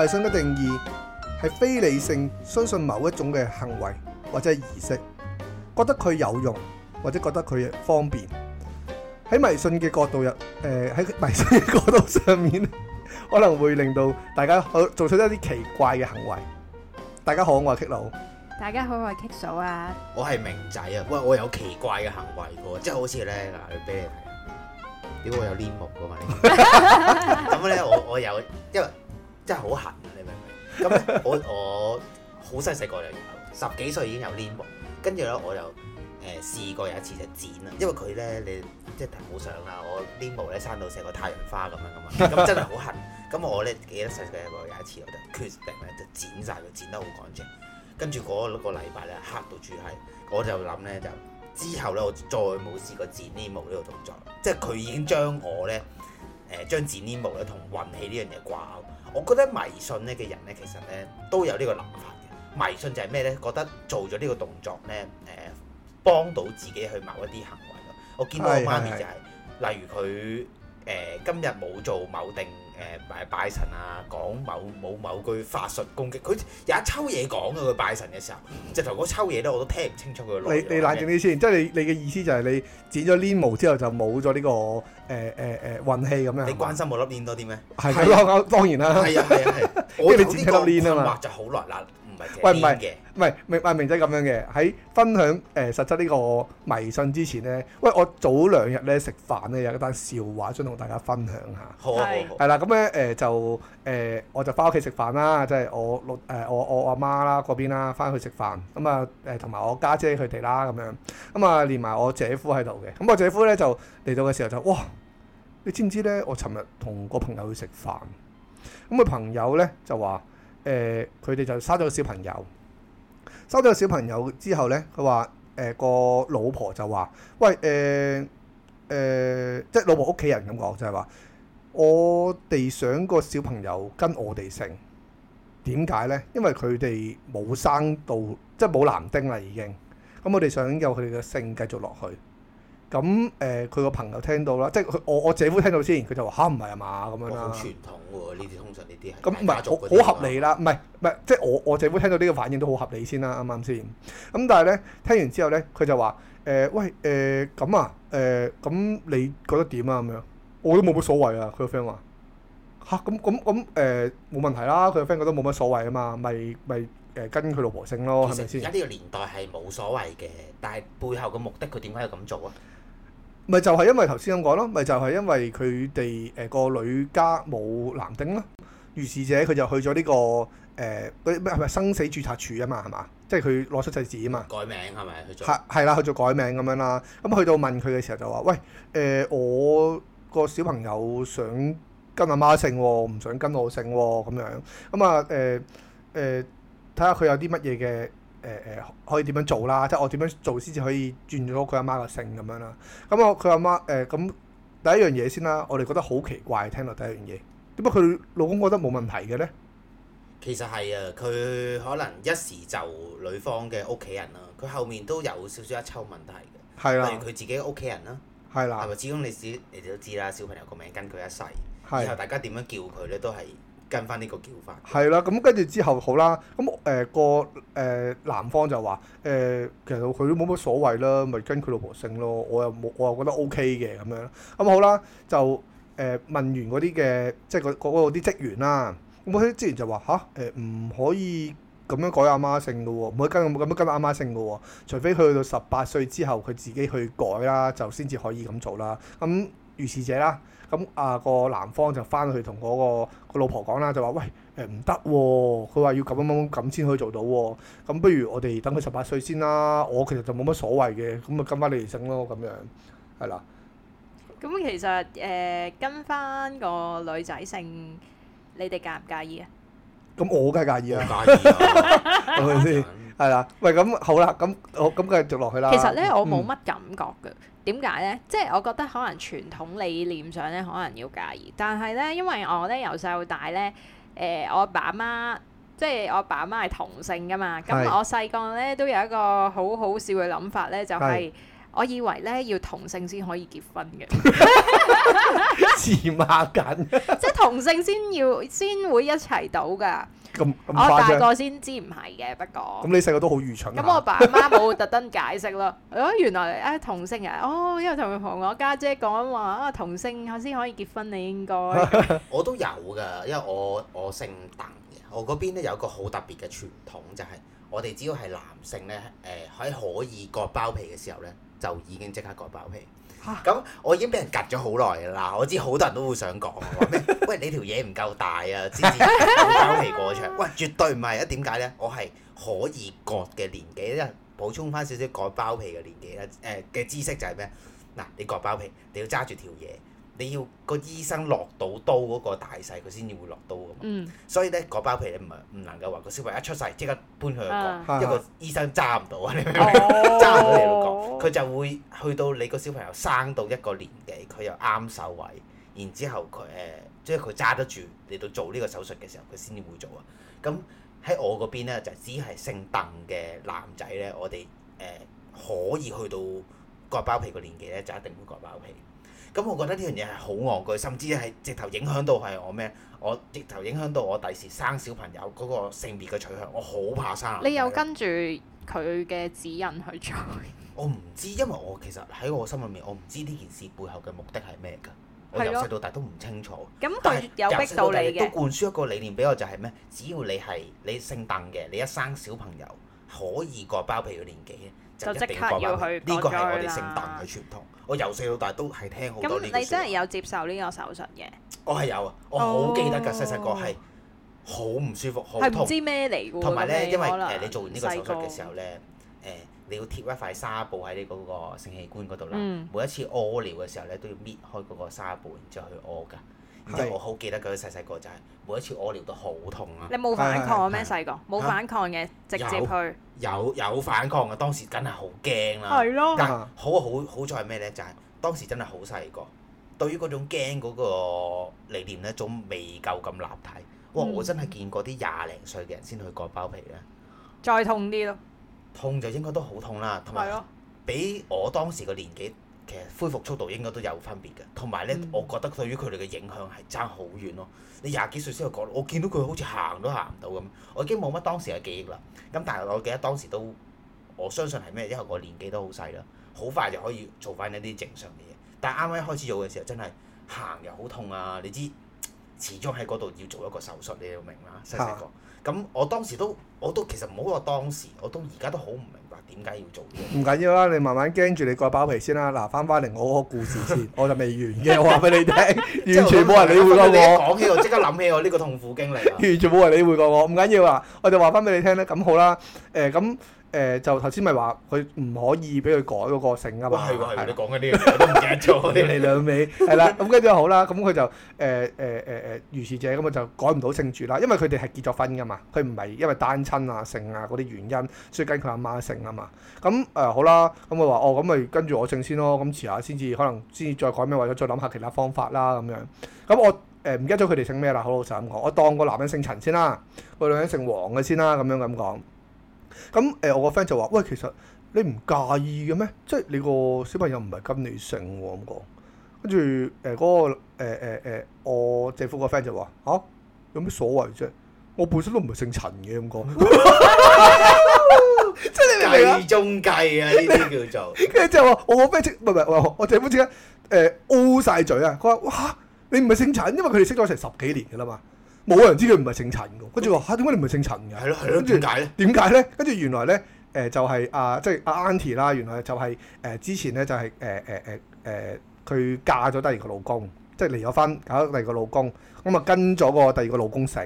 迷信嘅定義係非理性，相信某一種嘅行為或者儀式，覺得佢有用或者覺得佢方便。喺迷信嘅角度入，誒喺迷信嘅角度上面，可能會令到大家好做出一啲奇怪嘅行為。大家好，我係 K 佬。大家好，我係 K 嫂啊。我係明仔啊，喂，我有奇怪嘅行為噶，即係好似咧，嗱，你俾你睇下，因為我有黏毛噶嘛，咁咧我我有，因為。真係好痕啊！你明唔明？咁我我好細細個就有十幾歲已經有黏毛，跟住咧我就誒、呃、試過有一次就剪啦，因為佢咧你即係冇想啦，我黏毛咧生到成個太陽花咁樣噶嘛，咁真係好痕。咁 我咧記得細細個有一次我就決定咧就剪晒佢，剪得好乾淨。跟住嗰個禮拜咧黑到住係，我就諗咧就之後咧我再冇試過剪黏毛呢個動作，即係佢已經將我咧誒、呃、將剪黏毛咧同運氣呢樣嘢掛。我覺得迷信咧嘅人咧，其實咧都有呢個諗法嘅。迷信就係咩咧？覺得做咗呢個動作咧，誒、呃、幫到自己去某一啲行為咯。我見到個媽咪就係、是，是是是例如佢誒、呃、今日冇做某定。誒拜、呃、拜神啊，講某某某句法術攻擊佢，有一抽嘢講啊！佢拜神嘅時候，直頭嗰抽嘢咧，我都聽唔清楚佢內容。你你冷靜啲先，即係你你嘅意思就係你剪咗黏毛之後就冇咗呢個誒誒誒運氣咁樣？你關心我粒黏多啲咩？係咯的，的當然啦。係啊係啊係，因為你剪咗粒黏啊嘛。就好耐喂，唔係，唔係，明，明仔咁樣嘅，喺分享誒、呃、實質呢個迷信之前咧，喂，我早兩日咧食飯咧有一單笑話想同大家分享下。好啊是，好。係啦，咁咧誒就誒、呃，我就翻屋企食飯啦，即、就、係、是、我老誒我我阿媽啦嗰、邊、啦，翻去食飯咁啊誒同埋我家姐佢哋啦咁樣，咁、嗯、啊連埋我姐夫喺度嘅，咁、嗯、我姐夫咧就嚟到嘅時候就哇，你知唔知咧？我尋日同個朋友去食飯，咁佢朋友咧就話。誒，佢哋、呃、就生咗個小朋友，生咗個小朋友之後呢，佢話誒個老婆就話，喂誒誒、呃呃，即係老婆屋企人咁講，就係、是、話我哋想個小朋友跟我哋姓，點解呢？因為佢哋冇生到，即係冇男丁啦，已經，咁、嗯、我哋想有佢哋嘅姓繼續落去。咁誒佢個朋友聽到啦，即係我我姐夫聽到先，佢就話吓，唔係啊嘛咁樣啦、啊。好傳統喎，呢啲通常呢啲係咁，唔係好合理啦，唔係唔係即係我我姐夫聽到呢個反應都好合理先啦、啊，啱唔啱先？咁、嗯、但係咧聽完之後咧，佢就話誒、呃、喂誒咁、呃、啊誒咁、呃啊呃、你覺得點啊？咁樣我都冇乜所謂啊！佢個 friend 話吓，咁咁咁誒冇問題啦。佢個 friend 覺得冇乜所謂啊嘛，咪咪誒跟佢老婆姓咯。係咪先？其實而家呢個年代係冇所謂嘅，但係背後嘅目的佢點解要咁做啊？咪就係因為頭先咁講咯，咪就係、是、因為佢哋誒個女家冇男丁咯。如是者佢就去咗呢、這個誒，佢咩咩生死註冊處啊嘛，係嘛？即係佢攞出世紙啊嘛。改名係咪？佢做係係啦，佢、啊、做改名咁樣啦。咁去到問佢嘅時候就話，喂，誒、呃、我個小朋友想跟阿媽，媽姓喎，唔想跟我姓喎，咁樣咁啊誒誒，睇下佢有啲乜嘢嘅。誒誒、呃，可以點樣做啦？即係我點樣做先至可以轉咗佢阿媽個姓咁樣啦？咁我佢阿媽誒咁第一樣嘢先啦，我哋覺得好奇怪，聽到第一樣嘢點解佢老公覺得冇問題嘅咧？其實係啊，佢可能一時就女方嘅屋企人啦，佢後面都有少少一抽問題嘅，例、啊、如佢自己屋企人啦，係啦、啊，係咪？始終你知你哋都知啦，小朋友個名跟佢一世，以、啊、後大家點樣叫佢咧都係。跟翻呢個叫法。係啦、啊，咁跟住之後好啦，咁、嗯、誒、呃、個誒男、呃、方就話誒、呃，其實佢都冇乜所謂啦，咪跟佢老婆姓咯。我又冇，我又覺得 O K 嘅咁樣。咁、嗯、好啦，就誒、呃、問完嗰啲嘅，即係嗰啲職員啦。咁啲職員就話吓，誒，唔、呃、可以咁樣改阿媽，媽姓嘅喎，唔可以跟咁樣跟阿媽，媽姓嘅喎。除非佢去到十八歲之後，佢自己去改啦，就先至可以咁做啦。咁如是者啦。咁啊，個男方就翻去同我個個老婆講啦，就話：喂，誒唔得喎，佢話要咁樣樣咁先可以做到喎。咁不如我哋等佢十八歲先啦。我其實就冇乜所謂嘅，咁咪跟翻你哋姓咯，咁樣係啦。咁其實誒跟翻個女仔姓，你哋介唔介意啊？咁我梗係介意啦，係咪先？係啦。喂，咁好啦，咁好，咁繼續落去啦。其實咧，我冇乜感覺嘅。點解呢？即係我覺得可能傳統理念上咧，可能要介意。但係呢，因為我呢，由細到大呢，誒、呃，我爸媽即係我爸媽係同性㗎嘛。咁是我細個呢，都有一個好好笑嘅諗法呢，就係、是、我以為呢要同性先可以結婚嘅是。黐孖筋！即係同性先要先會一齊到㗎。咁我大個先知唔係嘅，不過咁你細個都好愚蠢。咁我爸媽冇特登解釋咯。 原來啊、哎、同性啊，哦，因為同我姐姐、哦、同我家姐講話啊同姓先可以結婚，你應該。 我都有㗎，因為我我姓鄧嘅，我嗰邊咧有個好特別嘅傳統，就係、是、我哋只要係男性咧，誒、呃、喺可以割包皮嘅時候咧，就已經即刻割包皮。咁、啊、我已經俾人夾咗好耐啦！我知好多人都會想講， 喂，你條嘢唔夠大啊，知唔知？包皮過長，喂，絕對唔係啊！點解咧？我係可以割嘅年紀咧，補充翻少少割包皮嘅年紀咧，誒、呃、嘅知識就係咩，嗱，你割包皮，你要揸住條嘢。你要個醫生落到刀嗰個大細，佢先至會落刀噶嘛。嗯、所以咧割包皮唔係唔能夠話個小朋友一出世即刻搬去一個因為、啊、醫生揸唔到啊！你明唔明？揸唔到你都割，佢就會去到你個小朋友生到一個年紀，佢又啱手位，然之後佢誒即係佢揸得住嚟到做呢個手術嘅時候，佢先至會做啊。咁喺我嗰邊咧，就只係姓鄧嘅男仔咧，我哋誒、呃、可以去到割包皮嘅年紀咧，就一定會割包皮。咁、嗯、我覺得呢樣嘢係好戇居，甚至係直頭影響到係我咩？我直頭影響到我第時生小朋友嗰個性別嘅取向，我好怕生。你又跟住佢嘅指引去做？ 我唔知，因為我其實喺我心入面，我唔知呢件事背後嘅目的係咩㗎。的我由細到大都唔清楚。咁佢有逼到你嘅？都灌輸一個理念俾我，就係、是、咩？只要你係你姓鄧嘅，你一生小朋友可以過包皮嘅年紀就即刻要去割。呢個係我哋姓鄧嘅傳統。我由細到大都係聽好多呢，你真係有接受呢個手術嘅、哦？我係有啊，我好記得㗎，細細個係好唔舒服，好痛。唔知咩嚟。同埋咧，呢因為誒你做完呢個手術嘅時候咧，誒細、呃、你要貼一塊紗布喺你嗰個性器官嗰度啦。嗯、每一次屙尿嘅時候咧，都要搣開嗰個紗布，然之後去屙㗎。是因為我好記得佢啲細細個就係每一次屙尿都好痛啊！你冇反抗咩、啊？細個冇反抗嘅，啊、直接去有有，有反抗嘅，當時梗係好驚啦。係咯的，但好啊，好好在係咩咧？就係、是、當時真係好細個，對於嗰種驚嗰個理念咧，仲未夠咁立體。哇！我真係見過啲廿零歲嘅人先去割包皮咧，嗯、再痛啲咯，痛就應該都好痛啦。同埋俾我當時個年紀。其實恢復速度應該都有分別嘅，同埋咧，嗯、我覺得對於佢哋嘅影響係差好遠咯。你廿幾歲先去講，我見到佢好似行都行唔到咁，我已經冇乜當時嘅記憶啦。咁但係我記得當時都，我相信係咩？因為我年紀都好細啦，好快就可以做翻一啲正常嘅嘢。但係啱啱一開始做嘅時候，真係行又好痛啊！你知，始終喺嗰度要做一個手術，你明啦，細細個。嗯咁我當時都，我都其實唔好話當時，我都而家都好唔明白點解要做嘢。唔緊要啦，你慢慢驚住你個包皮先啦。嗱，翻返嚟我個故事先，我就未完嘅，我話俾你聽。完全冇人理會過我。講起 我即刻諗起我呢個痛苦經歷。完全冇人理會過我，唔緊要啦。我就話翻俾你聽啦。咁好啦，誒、欸、咁。誒、呃、就頭先咪話佢唔可以俾佢改嗰個姓啊嘛，係喎，係你講緊啲嘢我都唔記得咗， 你哋兩尾係啦，咁跟住好啦，咁佢就誒誒誒誒如是者，咁啊就改唔到姓住啦，因為佢哋係結咗婚噶嘛，佢唔係因為單親啊、姓啊嗰啲原因，所以跟佢阿媽姓啊嘛。咁誒、呃、好啦，咁我話哦，咁咪跟住我姓先咯，咁遲下先至可能先至再改咩，或者再諗下其他方法啦咁樣。咁我誒、呃、唔記得咗佢哋姓咩啦，好老實咁講，我當個男人姓陳先啦，個女人，人姓黃嘅先啦，咁樣咁講。咁誒、呃，我個 friend 就話：喂，其實你唔介意嘅咩？即係你個小朋友唔係跟你姓喎咁講。跟住誒，嗰、呃那個誒誒、呃呃呃、我姐夫個 friend 就話：嚇、啊，有咩所謂啫？我本身都唔係姓陳嘅咁講。 即係你明唔中計啊！呢啲 叫做。跟住即後話：我個 friend 即係唔係唔係？我姐夫即刻誒晒嘴啊！佢、呃、話、呃：哇，你唔係姓陳，因為佢哋識咗成十幾年嘅啦嘛。冇人知佢唔係姓陳嘅，跟住話嚇，點解你唔係姓陳嘅？係咯係咯，點解咧？點解咧？跟住原來咧，誒、呃、就係、是、啊，即係阿 Aunty 啦，原來就係、是、誒、呃、之前咧就係誒誒誒誒，佢、呃呃呃、嫁咗第二個老公，即係離咗婚，搞咗第二個老公，咁啊跟咗個第二個老公姓，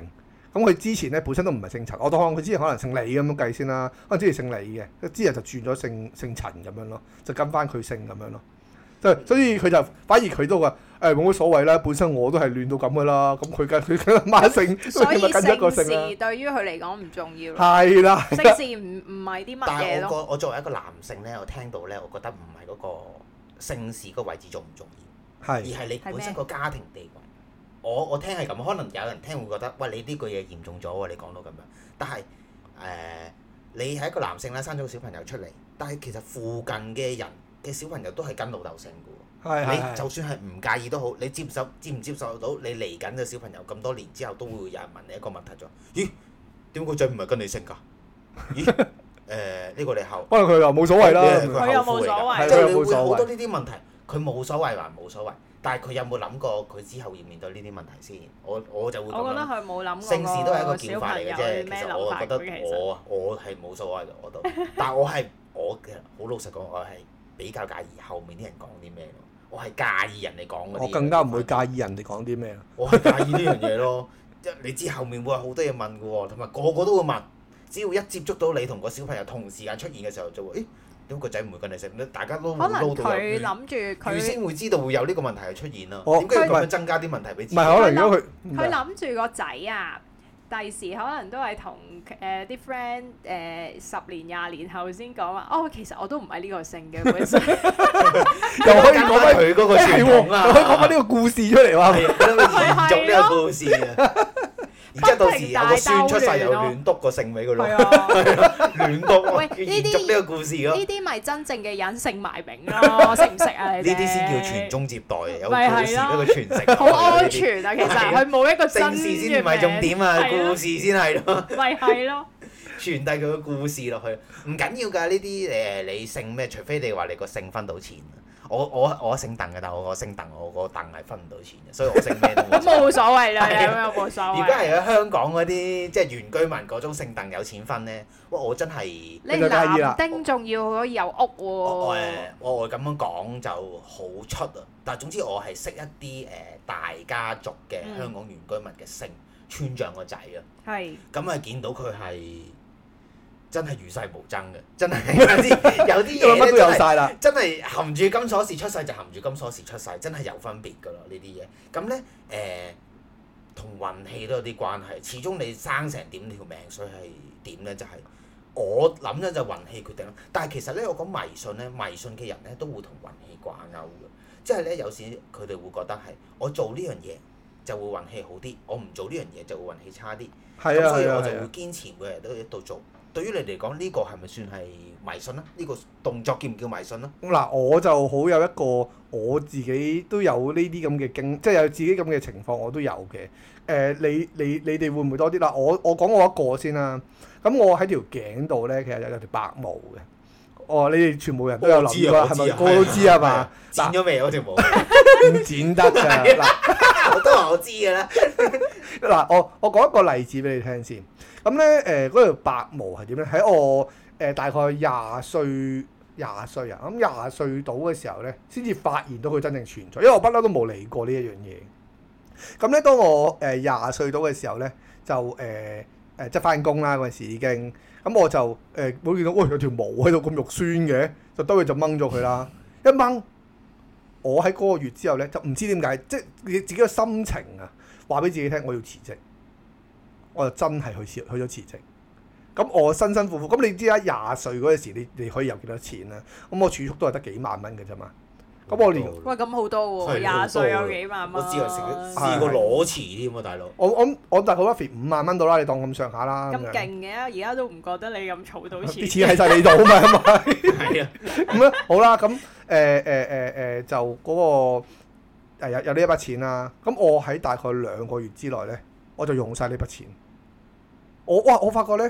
咁佢之前咧本身都唔係姓陳，我當佢之前可能姓李咁樣計先啦，可能之前姓李嘅，之後就轉咗姓姓陳咁樣咯，就跟翻佢姓咁樣咯。所以佢就反而佢都話誒冇乜所謂啦，本身我都係亂到咁噶啦，咁佢梗係佢阿媽姓，所以姓氏對於佢嚟講唔重要。係啦，姓氏唔唔係啲乜嘢。但係我，我作為一個男性咧，我聽到咧，我覺得唔係嗰個姓氏個位置重唔重要，係的而係你本身個家庭地位。我我聽係咁，可能有人聽會覺得喂，你呢句嘢嚴重咗喎，你講到咁樣。但係誒、呃，你係一個男性咧，生咗個小朋友出嚟，但係其實附近嘅人嘅小朋友都係跟老豆姓嘅喎，係係係你就算係唔介意都好，你接受接唔接受到？你嚟緊嘅小朋友咁多年之後，都會有人問你一個問題，就咦，點解個仔唔係跟你姓㗎？咦？誒，呢、呃呢個你後幫佢又冇所謂啦，佢又冇所謂，即係好多呢啲問題，佢冇所謂還冇所謂，但係佢有冇諗過佢之後要面對呢啲問題先？我我就會，我覺得佢冇諗過。姓氏都係一個叫法嚟嘅啫，其實我覺得我我我係冇所謂嘅我都，但我係我嘅，好老實講，我係。比較介意後面啲人講啲咩喎？我係介意人哋講嘅。我更加唔會介意人哋講啲咩。我係介意呢樣嘢咯，即你知後面會有好多嘢問㗎喎，同埋個個都會問。只要一接觸到你同個小朋友同時間出現嘅時候，就會誒，咁個仔唔會跟你食，大家都會撈到人。佢諗住佢先會知道會有呢個問題出現啦。點解佢會增加啲問題俾自己？唔係可能如果佢佢諗住個仔啊，第時可能都係同誒啲 friend 誒十年廿年後先講話，哦，其實我都唔係呢個姓嘅本身， 又可以講翻佢嗰個傳統啊、欸、啊，又可以講翻呢個故事出嚟話，繼、啊、續呢個故事啊。是啊 而家到時有個孫出世又亂篤個姓尾個咯，亂篤、啊。 啊、喂，呢啲呢個故事咯、啊，呢啲咪真正嘅隱姓埋名咯，識唔識啊？呢啲先叫傳宗接代，有故事俾佢傳承。好、啊、些 安全啊，其實佢冇一個姓氏先唔係重點 啊， 故事先係咯。咪係咯，傳遞佢個故事落去，唔緊要㗎。呢啲誒你姓咩？除非你話你個姓分到錢。我我我姓鄧嘅，但係我我姓鄧，我個鄧係分唔到錢嘅，所以我姓咩都冇 所謂啦，係啊，冇所謂。而家係喺香港嗰啲即係原居民嗰種姓鄧有錢分咧，哇！我真係你男丁仲要可以有屋喎。我我咁樣講就好出啊，但係總之我係識一啲誒大家族嘅香港原居民嘅姓、嗯、村長個仔啊，係咁啊，見到佢係。真係與世無爭嘅，真係有啲有啲嘢咧，真係乜都有曬啦！真係含住金鎖匙出世，就含住金鎖匙出世，真係有分別噶咯呢啲嘢。咁咧誒，同運氣都有啲關係。始終你生成點條命，所以係點咧，就係、是、我諗咧就運氣決定。但係其實咧，我講迷信咧，迷信嘅人咧都會同運氣掛鈎嘅，即係咧有時佢哋會覺得係我做呢樣嘢就會運氣好啲，我唔做呢樣嘢就會運氣差啲。咁是、啊、所以我就會堅持每日都一道做。對於你嚟講，呢個係咪算係迷信咧？呢個動作叫唔叫迷信咧？嗱，我就好有一個，我自己都有呢啲咁嘅經驗，即係有自己咁嘅情況，我都有嘅。誒，你你你哋會唔會多啲？嗱，我我講我一個先啦。咁我喺條頸度咧，其實有條白毛嘅。哦，你哋全部人都有諗過，係咪？個都知係嘛？剪咗未嗰條毛？唔剪得啊！嗱，我都話我知㗎啦。嗱，我我講一個例子俾你聽先。咁咧，誒嗰條白毛係點咧？喺我誒大概廿歲、廿歲啊！咁廿歲到嘅時候咧，先至發現到佢真正存在，因為我不嬲都冇理過呢一樣嘢。咁咧，當我誒廿歲到嘅時候咧，就誒誒即係翻工啦嗰陣時已經，咁我就誒會見到，哇！有條毛喺度咁肉酸嘅，就當佢就掹咗佢啦。一掹，我喺嗰個月之後咧，就唔知點解，即係你自己嘅心情啊！話俾自己聽，我要辭職。我就真係去去咗辭職，咁我辛辛苦苦，咁你知啦，廿歲嗰陣時，你你可以有幾多錢咧？咁我儲蓄都係得幾萬蚊嘅啫嘛。咁我連喂咁好多喎，廿歲有幾萬蚊。我試過攞錢添啊，大佬。我我我大概 v i v 五萬蚊到啦，你當咁上下啦。咁勁嘅，而家都唔覺得你咁儲到錢。啲錢喺晒你度啊嘛。係咪？係啊，咁啊 好啦，咁誒誒誒誒就嗰、嗰個有有呢一筆錢啦。咁我喺大概兩個月之內咧。呢 我就用晒呢筆錢，我哇！我發覺咧，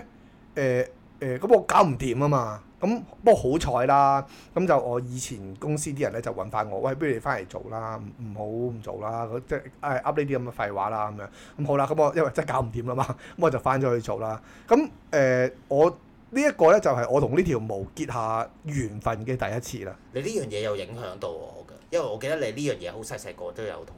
誒、呃、誒，咁、呃、我搞唔掂啊嘛，咁不過好彩啦，咁就我以前公司啲人咧就揾翻我，喂，不如你翻嚟做啦，唔好唔做啦，即係噏呢啲咁嘅廢話啦，咁樣，咁好啦，咁我因為真係搞唔掂啦嘛，咁我就翻咗去做啦。咁誒、呃，我呢一、這個咧就係我同呢條毛結下緣分嘅第一次啦。你呢樣嘢有影響到我㗎，因為我記得你呢樣嘢好細細個都有同。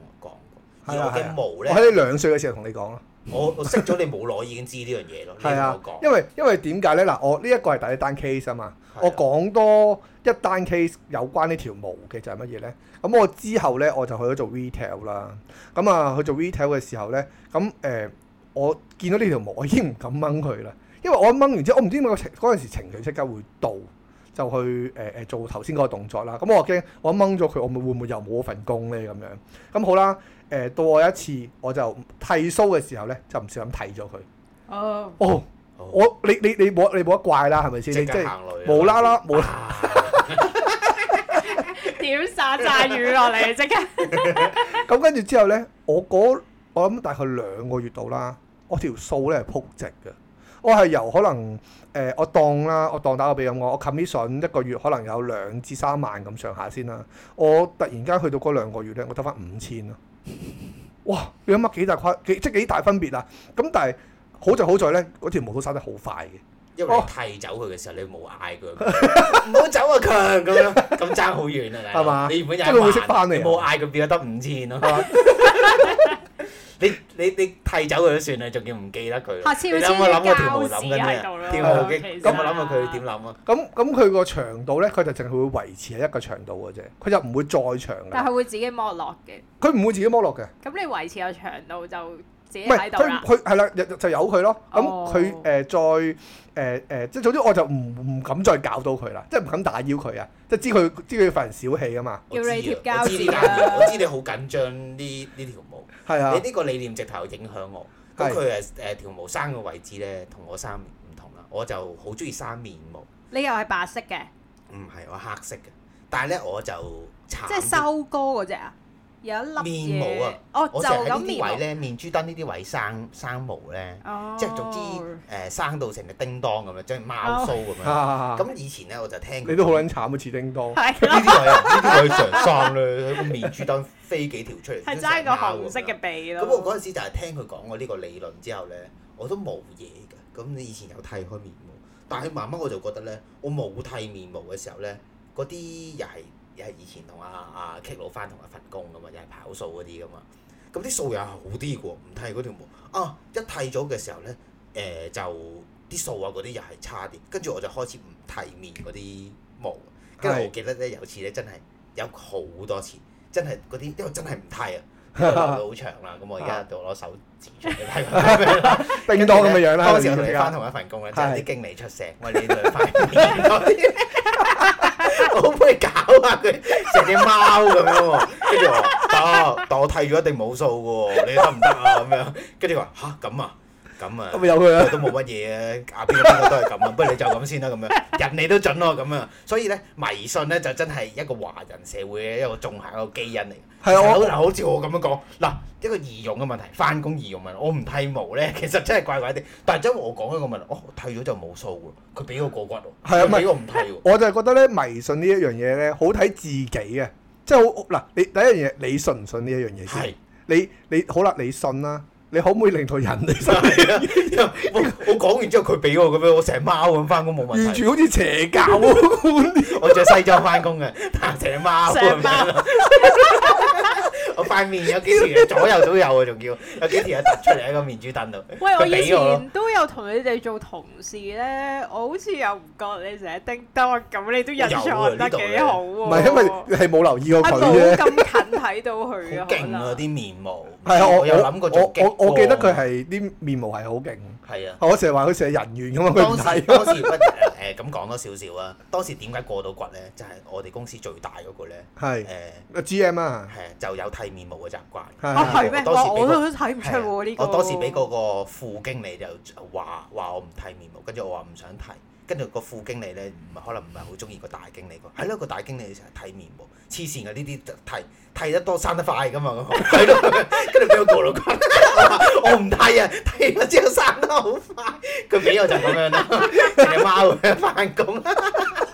我毛咧，我喺你兩歲嘅時候同你講咯。 我我識咗你冇耐已經知呢樣嘢咯。係 啊，因為因為點解咧？嗱，我呢一、呢個係第一單 case 啊嘛。啊我講多一單 case 有關呢條毛嘅就係乜嘢咧？咁我之後咧我就去咗做 retail 啦。咁啊，去做 retail 嘅時候咧，咁誒、呃、我見到呢條毛，我已經唔敢掹佢啦，因為我一掹完之後，我唔知點解嗰陣時情緒即刻會到，就去誒誒、呃、做頭先嗰個動作啦。咁我驚我一掹咗佢，我會唔會又冇咗份工咧？咁樣咁好啦。誒到我一次，我就剃鬚嘅時候咧，就唔小心剃咗佢。哦哦，我你你你冇你冇得怪啦，係咪先？即係無啦啦，無啦。點殺炸魚落嚟？即刻。咁跟住之後咧，我嗰我諗大概兩個月到啦，我條數咧係撲直嘅。我係由可能誒、呃，我當啦，我當打個比咁我，我 commission 一個月可能有兩至三萬咁上下先啦。我突然間去到嗰兩個月咧，我得翻五千咯。哇，你諗下幾,幾,幾大分幾即係幾大分別啊？咁但係好就好在咧，嗰條毛都生得好快嘅，因為你剃走佢嘅時候，你冇嗌佢，唔好 走啊強咁樣，咁爭好遠啊，係嘛、啊？吧你原本有萬、啊。冇嗌佢變咗得五千咯。 你你你剃走佢都算啦，仲要唔記得佢？你諗下諗下條毛諗緊咩？咁我諗下佢點諗啊？咁咁佢個長度咧，佢就淨係會維持喺一個長度嘅啫，佢就唔會再長嘅。但係佢會自己剝落嘅。佢唔會自己剝落嘅。咁你維持個長度就。唔係，佢佢係啦，就由佢咯。咁佢誒再誒誒，即、呃、係總之我就唔唔敢再搞到佢啦，即係唔敢打擾佢啊！即係知佢知佢份人小氣啊嘛。叫你我知， 我知你好緊張呢呢 條毛。係啊。你呢個理念直頭影響我。咁佢係誒條毛生嘅位置咧，我同我生唔同啦。我就好中意生面毛。你又係白色嘅？唔係我黑色嘅，但係咧我就即係收割嗰隻啊。有一粒嘢，面毛啊，哦，就咁面毛。我成日喺呢啲位咧呢面珠墩呢啲位生生毛咧，oh. 即係總之誒、呃、生到成隻叮噹咁樣，即係貓鬚咁樣。咁、oh. 以前咧我就聽，佢都好撚慘啊，似叮噹。是的 呢啲位呢啲位常生咧，面珠墩飛幾條出嚟，係揸個紅色嘅鼻咯。咁、哦、我嗰陣時就係聽佢講我呢個理論之後咧，我都冇嘢㗎。咁你以前有剃開面毛，但係慢慢我就覺得咧，我冇剃面毛嘅時候咧，嗰啲又係。又係以前同阿阿 K 佬翻同一份工噶嘛，又係跑數嗰啲噶嘛，咁啲數又係好啲嘅喎，唔剃嗰條毛啊！一剃咗嘅時候咧，誒、呃、就啲數啊嗰啲又係差啲，跟住我就開始唔剃面嗰啲毛。跟住我記得咧有次咧真係有好多次，真係嗰啲因為真係唔剃啊，好長啦。咁我而家就攞手指咗佢剃佢，冰刀咁嘅樣啦。當時我哋翻同一份工啊，真係啲經理出聲：喂你再快啲！ 好鬼搞啊！佢成隻貓咁樣喎，跟住我話得，但我剃咗一定冇數嘅喎，你得唔得啊？咁樣，跟住佢話，嚇咁啊！咁啊，咪有佢啊，都冇乜嘢啊！邊個邊個都係咁啊，不如你就咁先啦。咁樣人你都準咯。咁啊，所以咧迷信咧就真係一個華人社會嘅一個重喺一個基因嚟。係啊，就好似我咁樣講嗱，一個儀容嘅問題，翻工儀容問題！我唔剃毛咧，其實真係怪怪啲。但係真我講一個問題，哦、剃我剃咗就冇數喎，佢俾我過骨喎，俾我唔剃喎。我就係覺得咧迷信呢一樣嘢咧，好睇自己嘅，即係好嗱。你第一樣嘢，你信唔信呢一樣嘢先？你你好啦，你信啦。你可唔可以令到人哋晒啊？我我講完之後佢俾我咁樣，我成貓咁翻工冇問題，完全好似邪教、哦 我。我着西裝翻工嘅，成貓咁。我塊面有幾條左右都有啊，仲要有幾條突出嚟喺個面珠墩度。喂，我以前都有同你哋做同事咧，我好似又唔覺你成日叮噹咁，你都印象得幾好喎。唔係因為係冇留意過佢咧。咁近睇到佢，好勁啊啲面毛。係啊，我有諗過。我我記得佢係啲面毛係好勁。係啊，我成日話佢成日人緣咁嘛。當時當時誒咁講多少少啊？當時點解過到骨咧？就係我哋公司最大嗰個咧。係。誒，GM 啊。係，就有睇。剃面毛嘅習慣，係咩、啊？我都睇唔出呢個。我當時俾嗰個副經理就話話我唔剃面毛，跟住我話唔想剃，跟住個副經理咧唔係可能唔係好中意個大經理個，係咯，個大經理成日剃面毛，黐線嘅呢啲剃剃得多生得快噶嘛，跟住俾我過路關 我唔剃啊，剃咗之後生得好快，佢俾我就咁樣啦，成日踎喺度翻工。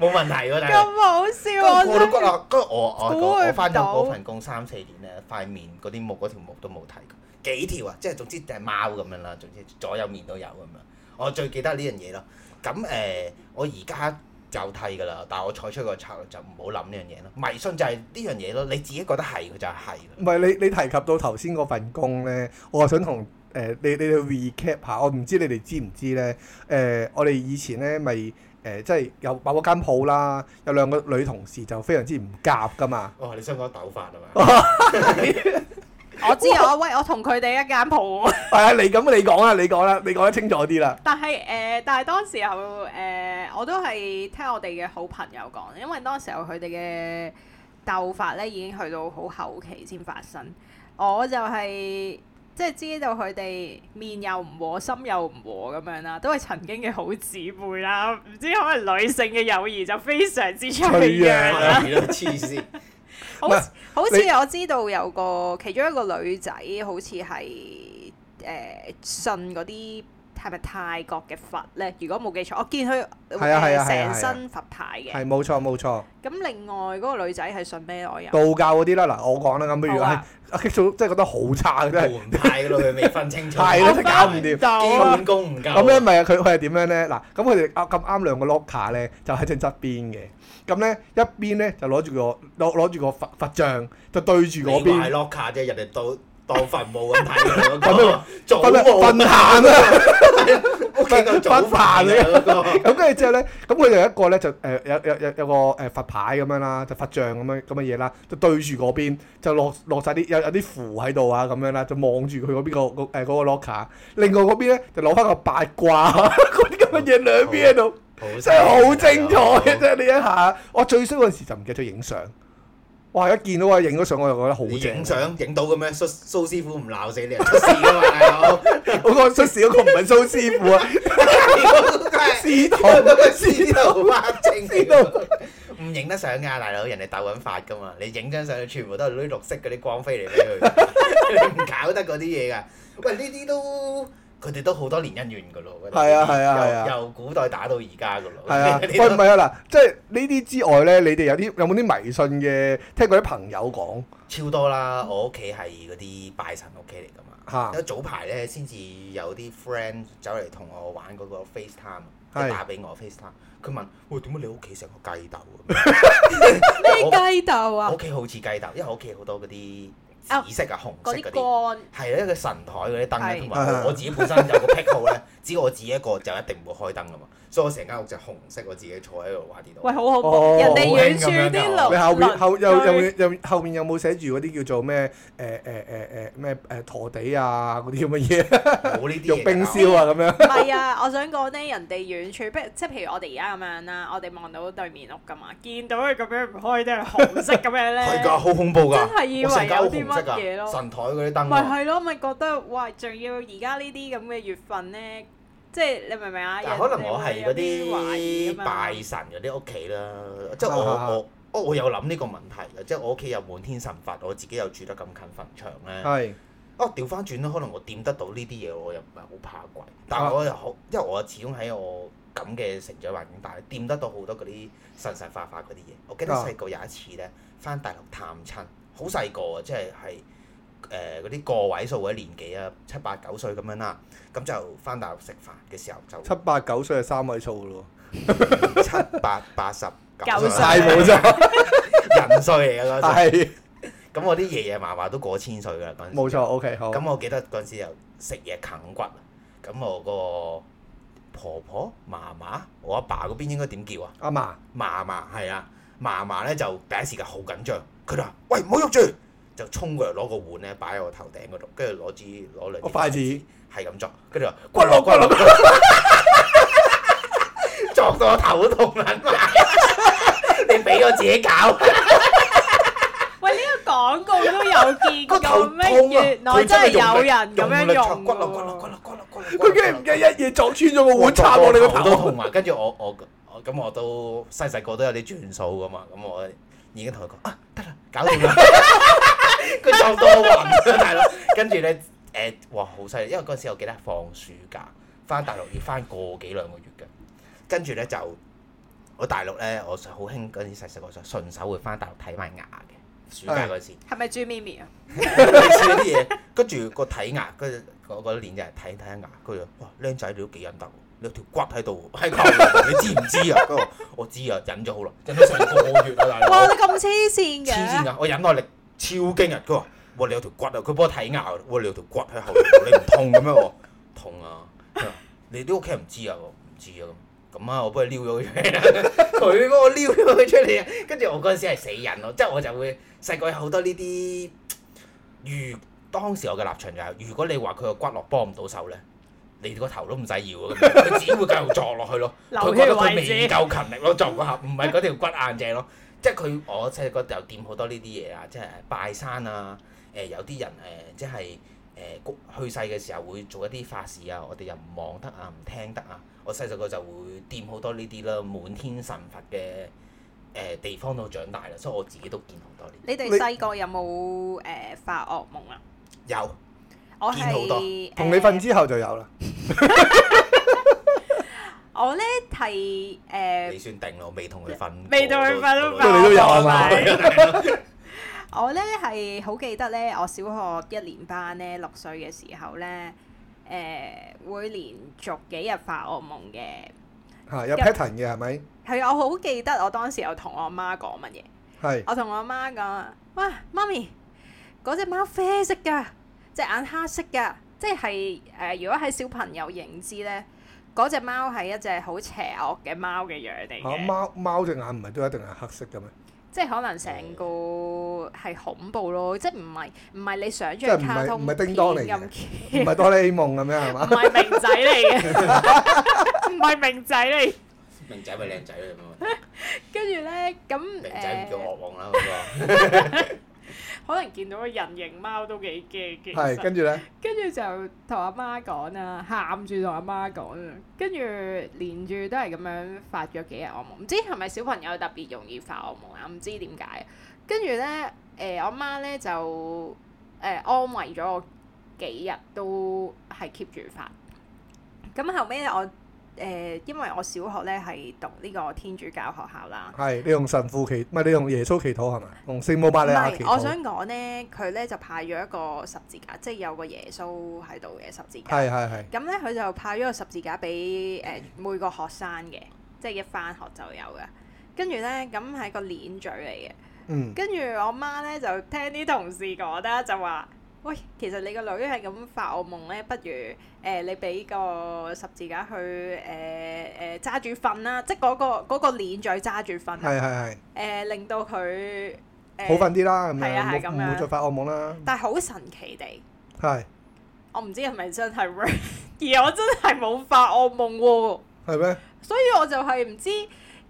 冇問題喎，但係咁好笑了我都聽覺得，嗰個我我我翻咗嗰份工三四年咧，塊面嗰啲毛嗰條毛都冇睇過，幾條啊？即係總之就係貓咁樣啦，總之左右面都有咁樣。我最記得呢樣嘢咯。咁、嗯、誒、呃，我而家就替㗎啦，但係我踩出個策略就唔好諗呢樣嘢咯。迷信就係呢樣嘢咯，你自己覺得係佢就係、是、係。唔係你你提及到頭先嗰份工咧，我係想同誒、呃、你你哋 recap 下，我唔知你哋知唔知咧？誒、呃，我哋以前咧咪～、呃我誒、欸，即係有某間鋪啦，有兩個女同事就非常之唔夾噶嘛。哦，你想講鬥法係嘛 我知啊，喂，我同佢哋一間鋪。係 啊，你咁你講啦，你講啦，你講得清楚啲啦、 呃。但係誒，但係當時候誒、呃，我都係聽我哋嘅好朋友講，因為當時候佢哋嘅鬥法咧已經去到好後期先發生，我就係、是。即係知道佢哋面又唔和心又唔和咁樣啦，都係曾經嘅好姊妹啦。唔知可能女性嘅友誼就非常之脆弱啦。好似我知道有個其中一個女仔，好似係誒信嗰啲。係咪泰國嘅佛咧？如果冇記錯，我見佢係啊係啊成身佛牌嘅。係冇錯冇錯。咁另外嗰個女仔係信咩愛人？道教嗰啲啦嗱，我講啦咁，不如阿叔、啊啊、真係覺得好差嘅真係。派嘅咯，未分清楚。係咯， 搞唔掂。基本功唔夠、啊。咁咧咪佢佢係點樣咧？嗱，咁佢哋啱咁啱兩個 locker 咧、er，就喺正側邊嘅。咁、啊、咧一邊咧就攞住個攞攞住個佛佛像、啊，就對住嗰邊。locker 啫，人哋到。啊啊當墳墓咁睇，咁咩做祖墓瞓下啦，屋企度做飯嚟、啊、嘅、 嗯，咁跟住之後咧，咁佢就一個咧就誒、呃、有有有有個誒佛牌咁樣啦，就佛像咁樣咁嘅嘢啦，就對住嗰邊就落落曬啲有有啲符喺度啊咁樣啦，就望住佢嗰邊、那個個誒 locker，另外嗰邊咧就攞翻個八卦嗰啲咁嘅嘢兩邊喺度好、啊，真係好精彩嘅，真係呢一下，我最衰嗰陣時就唔記得影相。哇！一見到啊，影咗相我就覺得好正。影相影到嘅咩？蘇蘇師傅唔鬧死你出事噶嘛？好，嗰、嗰個出事嗰個唔係蘇師傅徒啊，司 師徒嗰個司徒阿清，司徒唔影得相噶大佬，人哋鬥緊法噶嘛？你影張相，全部都係嗰啲綠色嗰啲光飛嚟飛去，你 唔搞得嗰啲嘢噶？喂，呢啲都～佢哋都好多年恩怨噶咯，係啊，係啊，由古代打到而家噶咯。係啊，喂唔係啊嗱，即係呢啲之外咧，你哋有啲有冇啲迷信嘅？聽過啲朋友講超多啦，我屋企係嗰啲拜神屋企嚟噶嘛。嚇，早排咧先至有啲 friend 走嚟同我玩嗰個 FaceTime，打俾我 FaceTime，佢問：喂，點解你屋企成個雞竇啊？咩雞竇啊？我屋企好似雞竇，因為我屋企好多嗰啲。紫色啊，哦、紅色嗰啲，係啊，一個神台嗰啲燈啊，同埋的我自己本身有個癖好咧。 知我自己一個就一定唔會開燈噶嘛，所以我成間屋就紅色。我自己坐喺度畫啲圖，喂，好好恐怖，人哋遠處啲樓房，你後面後又有冇寫住嗰啲叫做咩？誒誒誒誒咩？誒陀地啊嗰啲咁嘅嘢？冇呢啲嘢。用冰燒啊咁樣。唔係啊，我想講呢，人哋遠處，即係譬如我哋而家咁樣啦，我哋望到對面屋噶嘛，見到佢咁樣唔開燈紅色咁樣咧，係㗎，好恐怖㗎，真係以為有啲乜嘢咯，神台嗰啲燈。咪係咯，咪覺得哇，仲要而家呢啲咁嘅月份咧？即係你明唔明啊？可能我係嗰啲拜神嗰啲屋企啦，嗯、即係我、嗯、我我有諗呢個問題啦，即係我屋企有滿天神佛，我自己又住得咁近墳場咧。係是，哦調翻轉啦，可能我掂得到呢啲嘢，我又唔係好怕鬼，但係我又好，因為我始終喺我咁嘅成長環境大，掂得到好多嗰啲神神化化嗰啲嘢。我記得細個有一次咧，翻大陸探親，好細個啊，即係係。誒嗰啲個位數嗰啲年紀啊，七八九歲咁樣啦，咁就返大陸食飯嘅時候就七八九歲係三位數咯 七八八十九晒，冇錯，人歲嚟啊嗰陣，係咁我啲爺爺嫲嫲都過千歲噶啦，冇錯 OK 好，咁我記得嗰陣時又食嘢啃骨，咁我個婆婆嫲嫲，我阿爸嗰邊應該點叫啊？阿嫲嫲嫲係啊，嫲嫲咧就第一時間好緊張，佢就話：喂唔好喐住。就衝過嚟攞個碗咧，擺喺我頭頂嗰度，跟住攞支攞嚟個筷子，係咁撞，跟住話骨落骨落骨落，撞到我頭都痛啊！你俾我自己搞，喂，呢個廣告都有見過咩？佢真係有人咁樣用，骨落骨落骨落骨落骨落，佢驚唔驚一夜撞穿咗個碗插我哋個頭？我都痛埋，跟住我我咁我都細細個都有啲轉數噶嘛，咁我。已經同佢講啊，得啦，搞掂啦，佢撞到我暈大佬。跟住咧誒，哇，好犀利，因為嗰陣時我記得放暑假翻大陸要翻個幾兩個月嘅，跟住咧就我大陸咧，我好興嗰陣時細細個就順手會翻大陸睇埋牙嘅，暑假嗰時係咪豬咪咪啊？你知嗰啲嘢，跟住個睇牙，跟住嗰嗰一年就係睇睇下牙，跟住哇，僆仔你都幾癲得。有條骨喺度，喺後面，你知唔知啊？佢話我知啊，忍咗好耐，忍咗成個月啊大佬。哇，你咁黐線嘅？黐線㗎，我忍耐力超驚人啊！佢話哇，你有條骨啊，佢幫我睇牙，哇，你有條骨喺、啊、後面， 你唔痛咁樣喎？痛啊！你啲屋企人唔知啊？唔知啊！咁啊，我幫你撩咗出嚟佢幫我撩咗佢出嚟啊！跟住、啊、我嗰陣 時係死人咯，即、就、係、是、我就會細個有好多呢啲。如當時我嘅立場就係，如果你話佢個骨落幫唔到手咧。你個頭都唔使要，佢只會繼續作落去咯。佢 血慧 覺得佢未夠勤力咯，作唔到合，唔係嗰條骨硬淨咯。即係佢，我細個又掂好多呢啲嘢啊！即係拜山啊，誒、呃、有啲人誒、呃，即係誒、呃、去世嘅時候會做一啲法事啊，我哋又唔望得啊，唔聽得啊。我細細個就會掂好多呢啲啦，滿天神佛嘅誒、呃、地方都長大啦，所以我自己都見好多啲。你哋細個有冇誒發惡夢啊？有。我係同你瞓之後就有啦。我咧係誒，你算定咯，未同佢瞓，未同佢瞓，都你都有啊嘛。我咧係好記得咧，我小學一年班咧六歲嘅時候咧，誒會連續幾日發噩夢嘅。係有 pattern 嘅係咪？係，我好記得，我當時有同我媽講乜嘢？係我同我媽講啊，哇，媽咪，嗰隻貓啡色噶，隻眼黑色嘅，即係誒，如果喺小朋友認知咧，嗰隻貓係一隻好邪惡嘅貓嘅樣嚟嘅。啊，貓貓隻眼唔係都一定係黑色嘅咩？即係可能成個係恐怖咯，即係唔係唔係你想象卡通咁，唔係叮噹嚟嘅，唔係哆啦 A 夢咁樣係嘛？唔係明仔嚟嘅，唔係明仔嚟。明仔咪靚仔嚟，跟住咧咁誒。明仔唔叫惡夢啦好。可能見到個人形貓都幾驚嘅，跟住咧，跟住就同阿媽講啊，喊住同阿媽講啊，跟住連住都係咁樣發咗幾日惡夢，唔知係咪小朋友特別容易發惡夢啊？唔知點解。跟住咧，誒、呃、我媽咧就誒、呃、安慰咗我幾日都係 keep 住發，咁後尾咧我。誒，因為我小學咧係讀呢個天主教學校啦。係，你用神父祈，唔係你用耶穌祈禱係咪？用聖母瑪利亞祈禱。唔係，我想講咧，佢咧就派咗一個十字架，即係有個耶穌喺度嘅十字架。係係係。咁咧，佢就派咗個十字架俾誒、呃、每個學生嘅，即係一返學就有嘅。跟住咧，咁係個鏈嘴嚟嘅。嗯。跟住我媽咧就聽啲同事講得，就話。喂，其實你個女係咁發惡夢咧，不如誒、呃、你俾個十字架去誒誒揸住瞓啦，即係嗰、那個嗰、那個、鏈再揸住瞓。係係係。誒、呃，令到佢、呃、好瞓啲啦，咁、啊、樣冇冇再發惡夢啦。但係好神奇地，係我唔知係咪真係 real 而我真係冇發惡夢喎、啊。係咩嗎？所以我就係唔知，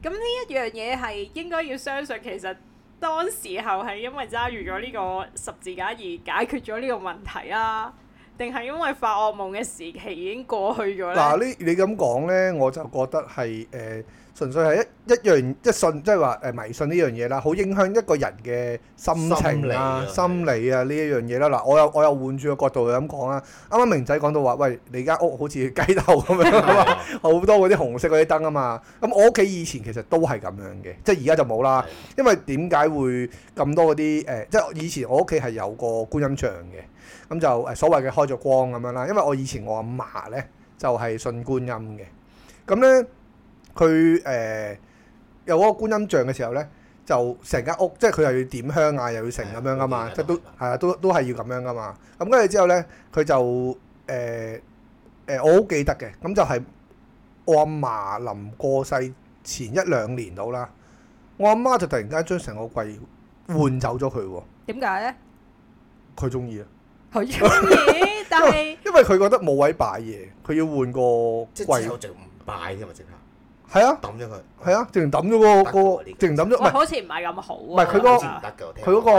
咁呢一樣嘢係應該要相信，其實。當時候係因為揸住咗呢個十字架而解決咗呢個問題啊，定係因為發惡夢嘅時期已經過去咗咧？嗱、啊，呢你咁講呢，我就覺得係誒。呃純粹係一一樣即係信，即係話誒迷信呢樣嘢啦，好影響一個人嘅心情啦、心理啊呢、啊、的一樣嘢啦。嗱，我又我又換轉個角度嚟咁講啊。啱啱明仔講到話，喂，你間屋好似雞竇咁樣，好的多嗰啲紅色嗰啲燈啊嘛。咁我屋企以前其實都係咁樣嘅，即係而家就冇啦。因為點解會咁多嗰啲誒？即係以前我屋企係有個觀音像嘅，咁就誒所謂嘅開咗光咁樣啦。因為我以前我阿嫲咧就係、是、信觀音嘅，咁咧。佢誒、呃、有嗰個觀音像嘅時候咧，就成間屋，即係佢又要點香啊，又要成咁樣噶嘛，即係對都係啊，對都都係要咁樣噶嘛。咁跟住之後咧，佢就誒誒、呃呃，我好記得嘅，咁就係我阿嫲臨過世前一兩年到啦，我阿媽就突然間將成個櫃換走咗佢喎。點解咧？佢中意啊！佢中意，但係因為佢是覺得冇位擺嘢，佢要換個櫃，我就唔擺㗎嘛，即係。係啊，抌咗佢。係啊，淨抌咗個個，淨抌咗，好似唔係咁好。唔係佢嗰，佢嗰個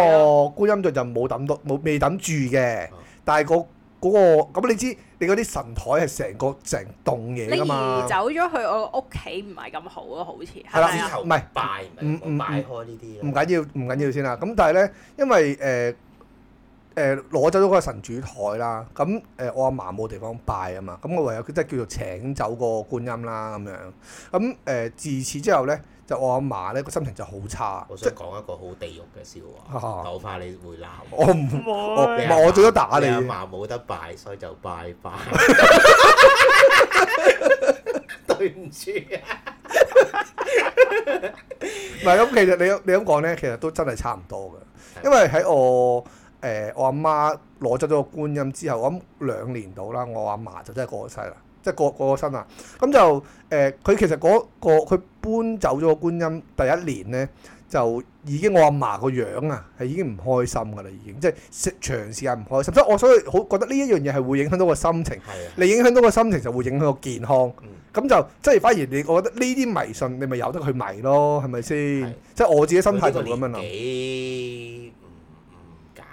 觀音像就冇抌到，冇未抌住嘅。但係個嗰個咁你知，你嗰啲神台係成個成棟嘢你移走咗去我屋企唔係咁好咯，好似係啦。唔係拜，唔唔唔，唔緊要，唔緊要先啦。咁但係咧，因為誒。誒攞走咗嗰個神主台啦，咁誒我阿嫲冇地方拜啊嘛，咁我唯有即係叫做請走個觀音啦咁樣。咁誒自此之後咧，就我阿嫲咧個心情就好差。我想講一個好地獄嘅笑話，豆怕你會鬧。我唔唔我做咗打你阿嫲冇得拜，所以就拜拜。對唔住啊！唔係咁，其實你你咁講咧，其實都真係差唔多嘅，因為喺我。誒、呃，我阿媽攞走咗個觀音之後，咁兩年到啦，我阿嫲就真係過世啦，即係過過咗身啦。咁就誒，佢其實嗰、那、佢、個、搬走咗個觀音第一年咧，就已經我阿嫲個樣啊係已經唔開心㗎啦，已經即係食長時間唔開心。所以我想好覺得呢一樣嘢係會影響到個心情，的你影響到個心情就會影響個健康。咁、嗯、就即係反而你，我覺得呢啲迷信你咪由得佢迷咯，係咪先？即係我自己心態就咁樣啦。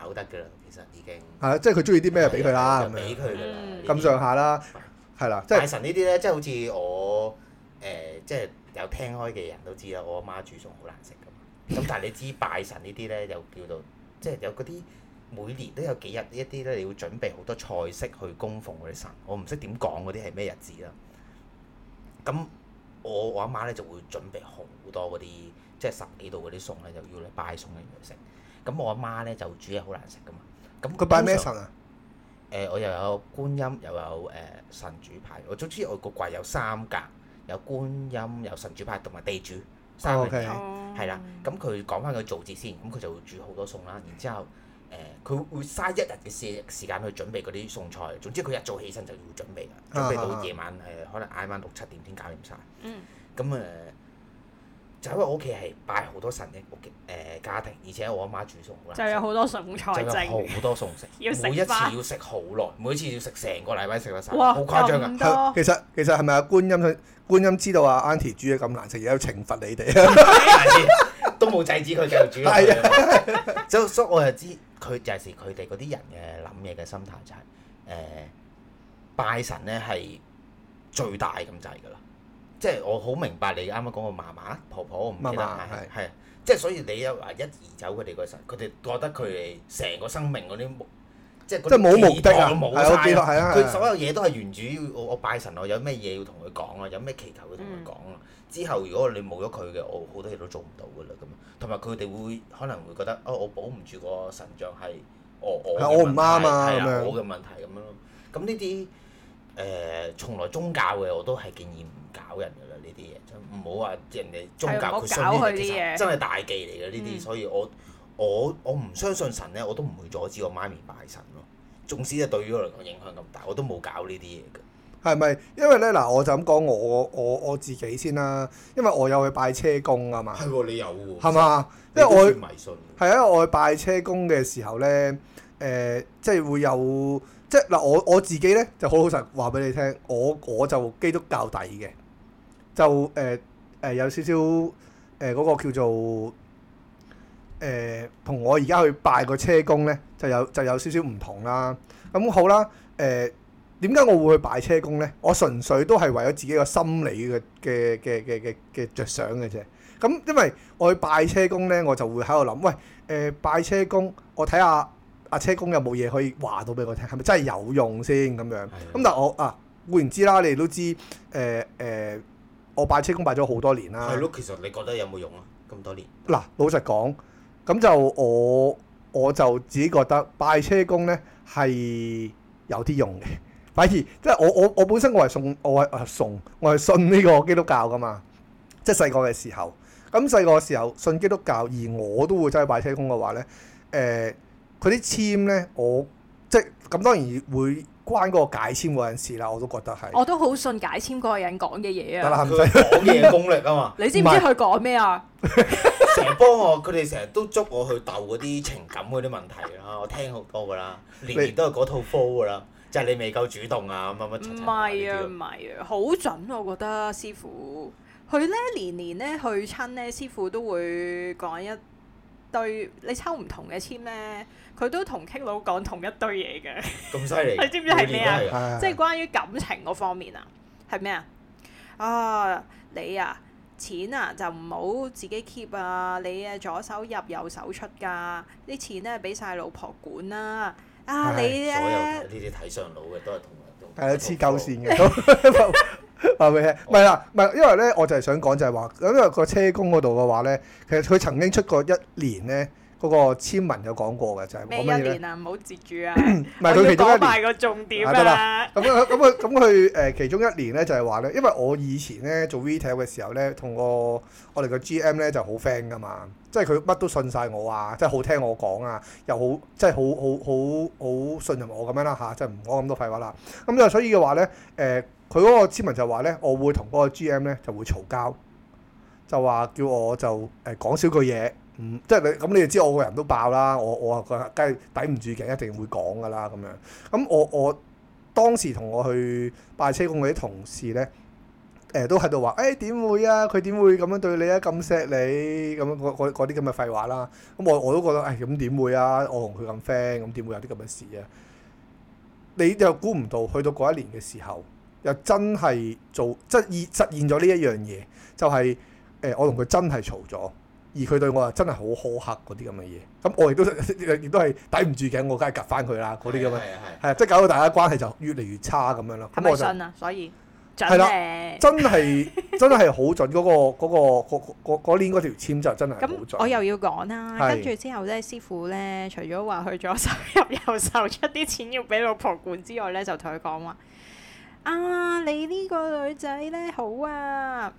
好得嘅啦，其實已經係即係佢中意啲咩就俾佢啦，咁俾佢噶啦，咁上下啦，係啦，即係拜神呢啲咧，即係好似我誒、呃，即係有聽開嘅人都知啦，我阿媽，媽煮餸好難食嘅，咁 但係你知拜神呢啲咧，又叫做即係有嗰啲每年都有幾日一啲咧，你要準備好多菜式去供奉嗰啲神，我唔識點講嗰啲係咩日子啦。咁我我阿媽咧就會準備好多嗰啲即係十幾道嗰啲餸咧，就要你拜餸嘅樣食。咁我阿媽咧就煮嘢好難食噶嘛，咁佢拜咩神啊？誒、呃，我又有觀音，又有誒、呃、神主牌，我總之我個櫃有三格，有觀音，有神主牌，同埋地主，三樣嘢，係啦、哦。咁佢講翻佢做節先，咁佢就會煮好多餸啦。然之後，誒、呃、佢會嘥一日嘅時時間去準備嗰啲餸菜。總之佢一早起身就要準備啦，哦、準備到夜晚誒、哦，可能挨晚六七點先搞掂晒。嗯，咁誒。呃就因為我屋企係拜好多神嘅屋企家庭，而且我阿媽，媽煮餸就有好多餸菜，就有好多食，要食飯，每次要食好耐，每一次要食成個禮拜食得曬，哇好誇張啊！其實其實係咪啊？觀音佢觀音知道啊 Auntie 煮嘢咁難食，有懲罰你哋啊？都冇制止佢繼續煮，所以所以我就知佢就係佢哋嗰啲人嘅諗嘢嘅心態就係誒拜神咧係最大咁滯噶啦。即係我好明白你啱啱講個嫲嫲婆婆，我唔記得係係，即係媽是所以你有話一移走佢哋個神，佢哋覺得佢哋成個生命嗰啲冇，即係即係冇目的啊，冇佢、啊、所有嘢都係源自於，我拜神，我有咩嘢要同佢講啊，有咩祈求要同佢講啊。嗯、之後如果你冇咗佢嘅，我好多嘢都做唔到噶啦咁。同埋佢哋會可能會覺得啊、哦，我保唔住個神像係我、哎、我我唔啱啊，係啊，我嘅問題咁樣咯。咁呢啲誒從來宗教嘅我都係建議。搞人噶啦呢啲嘢，唔好話人哋宗教佢的信呢啲嘢，真係大忌嚟嘅呢啲，嗯、所以我我我唔相信神咧，我都唔會阻止我媽咪拜神咯。總之，啊，對於我嚟講影響咁大，我都冇搞呢啲嘢嘅。係咪？因為咧嗱，我就咁講我我我，我自己先啦，因為我有去拜車公啊嘛。係喎，你有喎、啊，係嘛吧？因為我去迷信，係啊，因為我去拜車公嘅時候咧，誒、呃，即係會有。即係嗱，我我自己咧就好老實話俾你聽，我我就基督教底嘅，就誒誒、呃呃、有少少誒嗰、呃那個叫做誒同、呃、我而家去拜個車公咧，就有就有少少唔同啦。咁、嗯、好啦，誒點解我會去拜車公咧？我純粹都係為咗自己個心理嘅嘅嘅嘅嘅嘅著想嘅啫。咁、嗯、因為我去拜車公咧，我就會喺度諗，喂誒、呃、拜車公，我睇下。阿、啊、車公有冇嘢可以話到俾我聽？係咪真係有用先咁樣？咁的但係我啊，固然知啦，你哋都知誒誒、呃呃，我拜車公拜咗好多年啦。係咯，其實你覺得有冇用啊？咁多年。嗱，老實講，咁就我我就自己覺得拜車公咧係有啲用嘅。反而即係我我我本身我係信我係啊信我係信呢個基督教噶嘛。即係細個嘅時候，咁細個嘅時候信基督教，而我都會真係拜車公嘅話咧，誒、呃。佢啲簽咧，我即係咁，當然會關嗰個解簽嗰陣事啦。我都覺得係，我都好信解簽嗰個人講嘅嘢啊。得啦了，唔使講嘢功力啊嘛！ 你知唔知佢講咩啊？成日幫我，佢哋成日都捉我去鬥嗰啲情感嗰啲問題啦、啊。我聽好多噶啦，年年都係嗰套科 a l l 噶啦， 就係你未夠主動啊乜乜唔係啊，唔係啊，好準我覺得、啊、師傅，佢咧年年咧去親咧，師傅都會講一對你抽唔同嘅簽咧。佢都同 K 佬講同一堆嘢嘅，咁犀利！你 知唔知係咩啊？ 即係關於感情嗰方面啊，係咩啊？啊，你啊，錢啊就唔好自己 keep 啊，你啊左手入右手出噶、啊，啲錢咧俾晒老婆管啦、啊。啊，是是你咧呢啲睇上腦嘅都係同人，係啊黐鳩線嘅。話俾你聽，唔係啦，唔係因為咧，我就係想講就係話，因為個車工嗰度嘅話咧，其實佢曾經出過一年咧。嗰個簽文有講過嘅就係，我咩年啊？唔好截住啊！唔係佢其中一年。我要講埋個重點啊！咁咁啊咁佢誒其中一年咧就係話咧，因為我以前咧做 retail 嘅時候咧，同個我哋個 GM 咧就好 friend 噶嘛，即係佢乜都信晒我啊，即係好聽我講啊，又好即係好好好好信任我咁樣啦吓，即係唔講咁多廢話啦。咁就所以嘅話咧，誒佢嗰個簽文就話咧，我會同嗰個 GM 咧就會嘈交，就話叫我就誒講少句嘢。嗯，即係你咁，你就知我個人都爆啦。我我啊，梗係抵唔住嘅，一定會講㗎啦咁樣。咁、嗯、我我當時同我去拜車公嗰啲同事咧，誒、呃、都喺度話：誒、哎、點會啊？佢點會咁樣對你啊？咁錫你咁樣嗰啲咁嘅廢話啦。咁、嗯、我我都覺得誒，咁、哎、點會啊？我同佢咁 friend，咁點會有啲咁嘅事啊？你又估唔到，去到嗰一年嘅時候，又真係做即係實實現咗呢一樣嘢，就係、是、誒、呃、我同佢真係嘈咗。而佢對我啊，真係好苛刻嗰啲咁嘅嘢，咁我亦都亦都係抵唔住嘅，我梗係夾翻佢啦，嗰啲咁嘅，係即係搞到大家關係就越嚟越差咁樣咯。係咪信啊？所以係啦，真係真係好準嗰、嗰個嗰年嗰條簽就真係好準、嗯、我又要講啦、啊，是跟住之後咧，師傅咧，除咗話去左手入右手出啲錢要俾老婆管之外咧，就同佢講話啊，你呢個女仔咧好啊！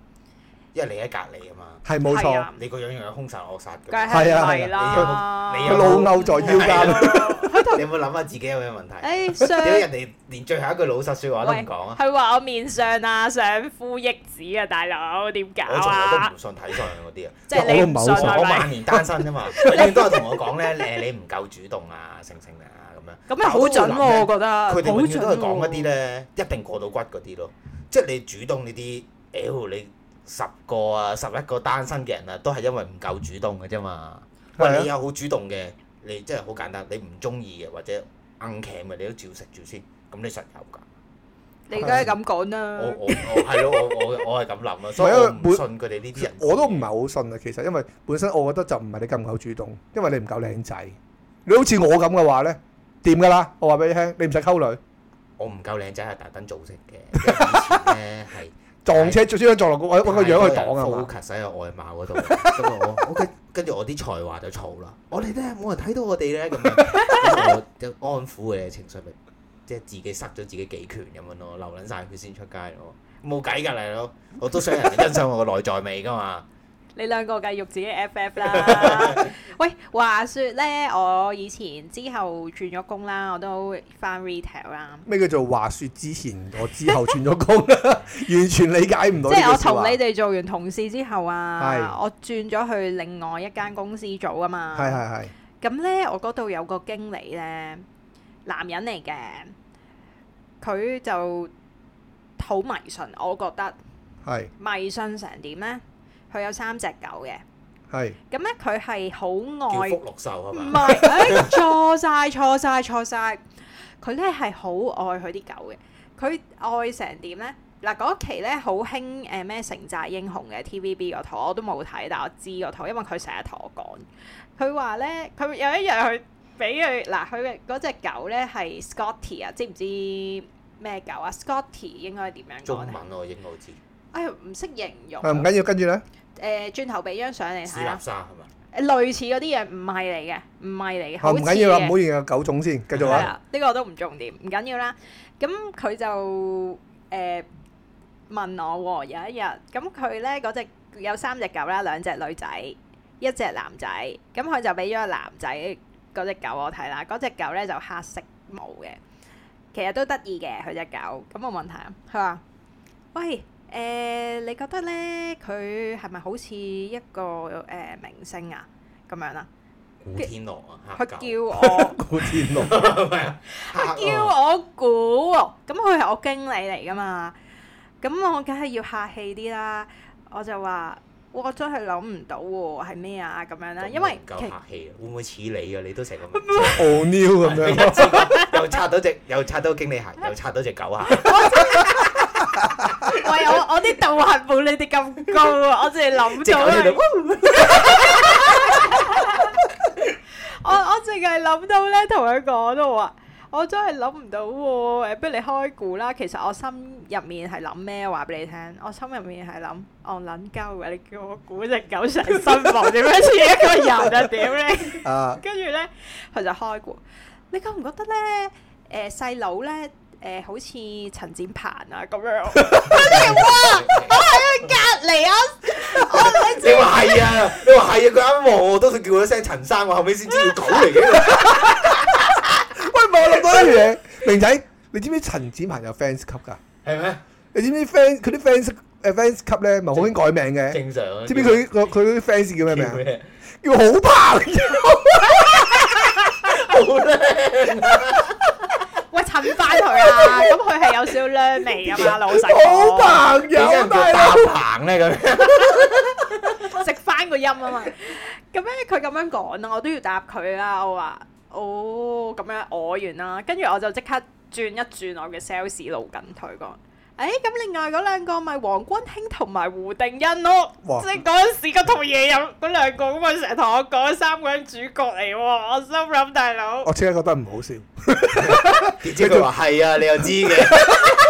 因為你喺隔離啊嘛，係冇錯，你個樣樣係兇神惡煞嘅。係啊係啊，你你老牛在腰間，有冇諗下自己有咩問題？點解人哋連最後一句老實説話都唔講啊？佢話我面相啊，相夫益子啊，大佬點解啊？我從來都唔信睇相嗰啲啊，即係我唔信，我萬年單身啫嘛，永遠都係同我講咧，你唔夠主動啊，性性啊咁樣，咁啊好準喎，我覺得好準喎。佢哋永遠都係講一啲咧，一定過到骨嗰啲咯，即係你主動呢啲，屌你！十個啊，十一個單身嘅人啊，都係因為唔夠主動嘅啫嘛。喂，你有好主動嘅，你真係好簡單，你唔中意嘅或者硬頸嘅，你都照食住先。咁你實有噶。你而家係咁講啦。我我我係咯，我我我係咁諗啊，所以我唔信佢哋呢啲人。我都唔係好信啊，其實因為本身我覺得就唔係你夠唔夠主動，因為你唔夠靚仔。你好似我咁嘅話咧，掂噶啦。我話俾你聽，你唔使溝女。我唔夠靚仔係特登組成嘅，以前咧係。撞車最想太撞落、那個、太去我 我，我我個樣去擋啊嘛，focus 喺外貌嗰度。咁我，OK，跟住我啲才華就嘈啦。我哋咧，冇人睇到我哋咧，咁樣我就安撫嘅情緒咪，即、就、係、是、自己塞咗自己幾拳咁樣咯，流撚晒血先出街咯，冇計㗎嚟咯，我都想人哋欣賞我個內在味㗎嘛。 你兩個繼續自己 FF 啦。 喂，話説呢，我以前之後轉咗工啦，我都翻 retail 啦。咩叫做話説之前我之後轉咗工啦？ 完全理解唔到即是、啊。即係我同你哋做完同事之後啊，是我轉咗去另外一間公司做㗎嘛。係係係。咁呢，我嗰度有個經理呢，男人嚟嘅，佢就好迷信，我覺得係迷信成點呢？佢有三隻狗嘅，係咁咧，佢係好愛。叫福祿壽係嘛？唔係是、 哎，錯晒，錯晒，錯晒。佢咧係好愛佢啲狗嘅。佢愛成點咧？嗱嗰期咧好興誒咩城寨英雄嘅 TVB 嗰套，我都冇睇，但我知嗰套，因為佢成日同我講。佢話咧，佢有一日佢俾佢嗱佢嗰隻狗咧係 Scotty 啊，Sc ty，知唔知咩狗啊？Scotty 應該點樣講？中文我應該我知。哎，唔識形容。唔緊要，跟住咧。誒，轉頭俾張相你睇啊。似垃圾係嘛？誒，類似嗰啲嘢唔係你嘅，唔係你嘅。嚇！唔緊要啊，唔好形容狗種先，繼續啊。係啊，呢個都唔重點，唔緊要啦。咁佢就誒問我喎，有一日，咁佢咧嗰隻有三隻狗啦，兩隻女仔，一隻男仔。咁佢就俾咗個男仔嗰隻狗我睇啦，嗰隻狗咧就黑色毛嘅，其實都得意嘅佢隻狗。咁冇問題啊，佢話：喂！誒、呃，你覺得咧佢係咪好似一個誒、呃、明星啊？咁樣啊，古天樂啊，佢叫我古天樂，佢叫我估，咁佢係我經理嚟噶嘛？咁我梗係要客氣啲啦，我就話我真係諗唔到喎，係咩啊？咁樣啦、啊，因為夠客氣，實會唔會似你啊？你都成個 O’Neal 咁 樣，又擦到隻，又擦到經理鞋，又擦到隻狗鞋。 喂，我我啲道行冇你哋咁高啊，我淨係諗到啊。我我淨係諗到咧，同佢講到話，我真係諗唔到。誒，不如你開估啦。其實我心入面係諗咩？話俾你聽，我心入面係諗，我諗夠嘅。你叫我估隻狗上身房點樣似一個人啊？點咧？啊！跟住咧，佢就開估。你覺唔覺得咧？誒，細佬咧？誒、呃，好似陳展鵬啊咁樣，哇！我喺佢隔籬啊，我你話係啊，你話係啊，佢啱喎，我都想叫佢一聲陳生，我後尾先知佢講嚟嘅。 喂，唔好諗多嘢，明仔，你知唔知陳展鵬有 fans 級噶？係咩？你知唔知 fans 佢啲 fans advance 級咧，咪好興改名嘅？正常、啊。啊、知唔知佢佢啲 fans 叫咩名叫好怕。好靚。翻佢啦，咁佢係有少少靚味啊嘛，老細我好朋友，點解行咧？咁食翻個音啊嘛，咁咧佢咁樣講啦，我都要答佢啦。我話哦，咁樣我完啦、啊，跟住我就即刻轉一轉我嘅 sales 路緊佢個。誒咁，哎、另外嗰兩個咪黃君興同埋胡定欣咯，哇即係嗰陣時嗰套嘢有嗰兩個咁啊，成日同我講三個人主角嚟喎、哦，我心諗大佬，我真係覺得唔好笑，跟住佢話係啊，你又知嘅。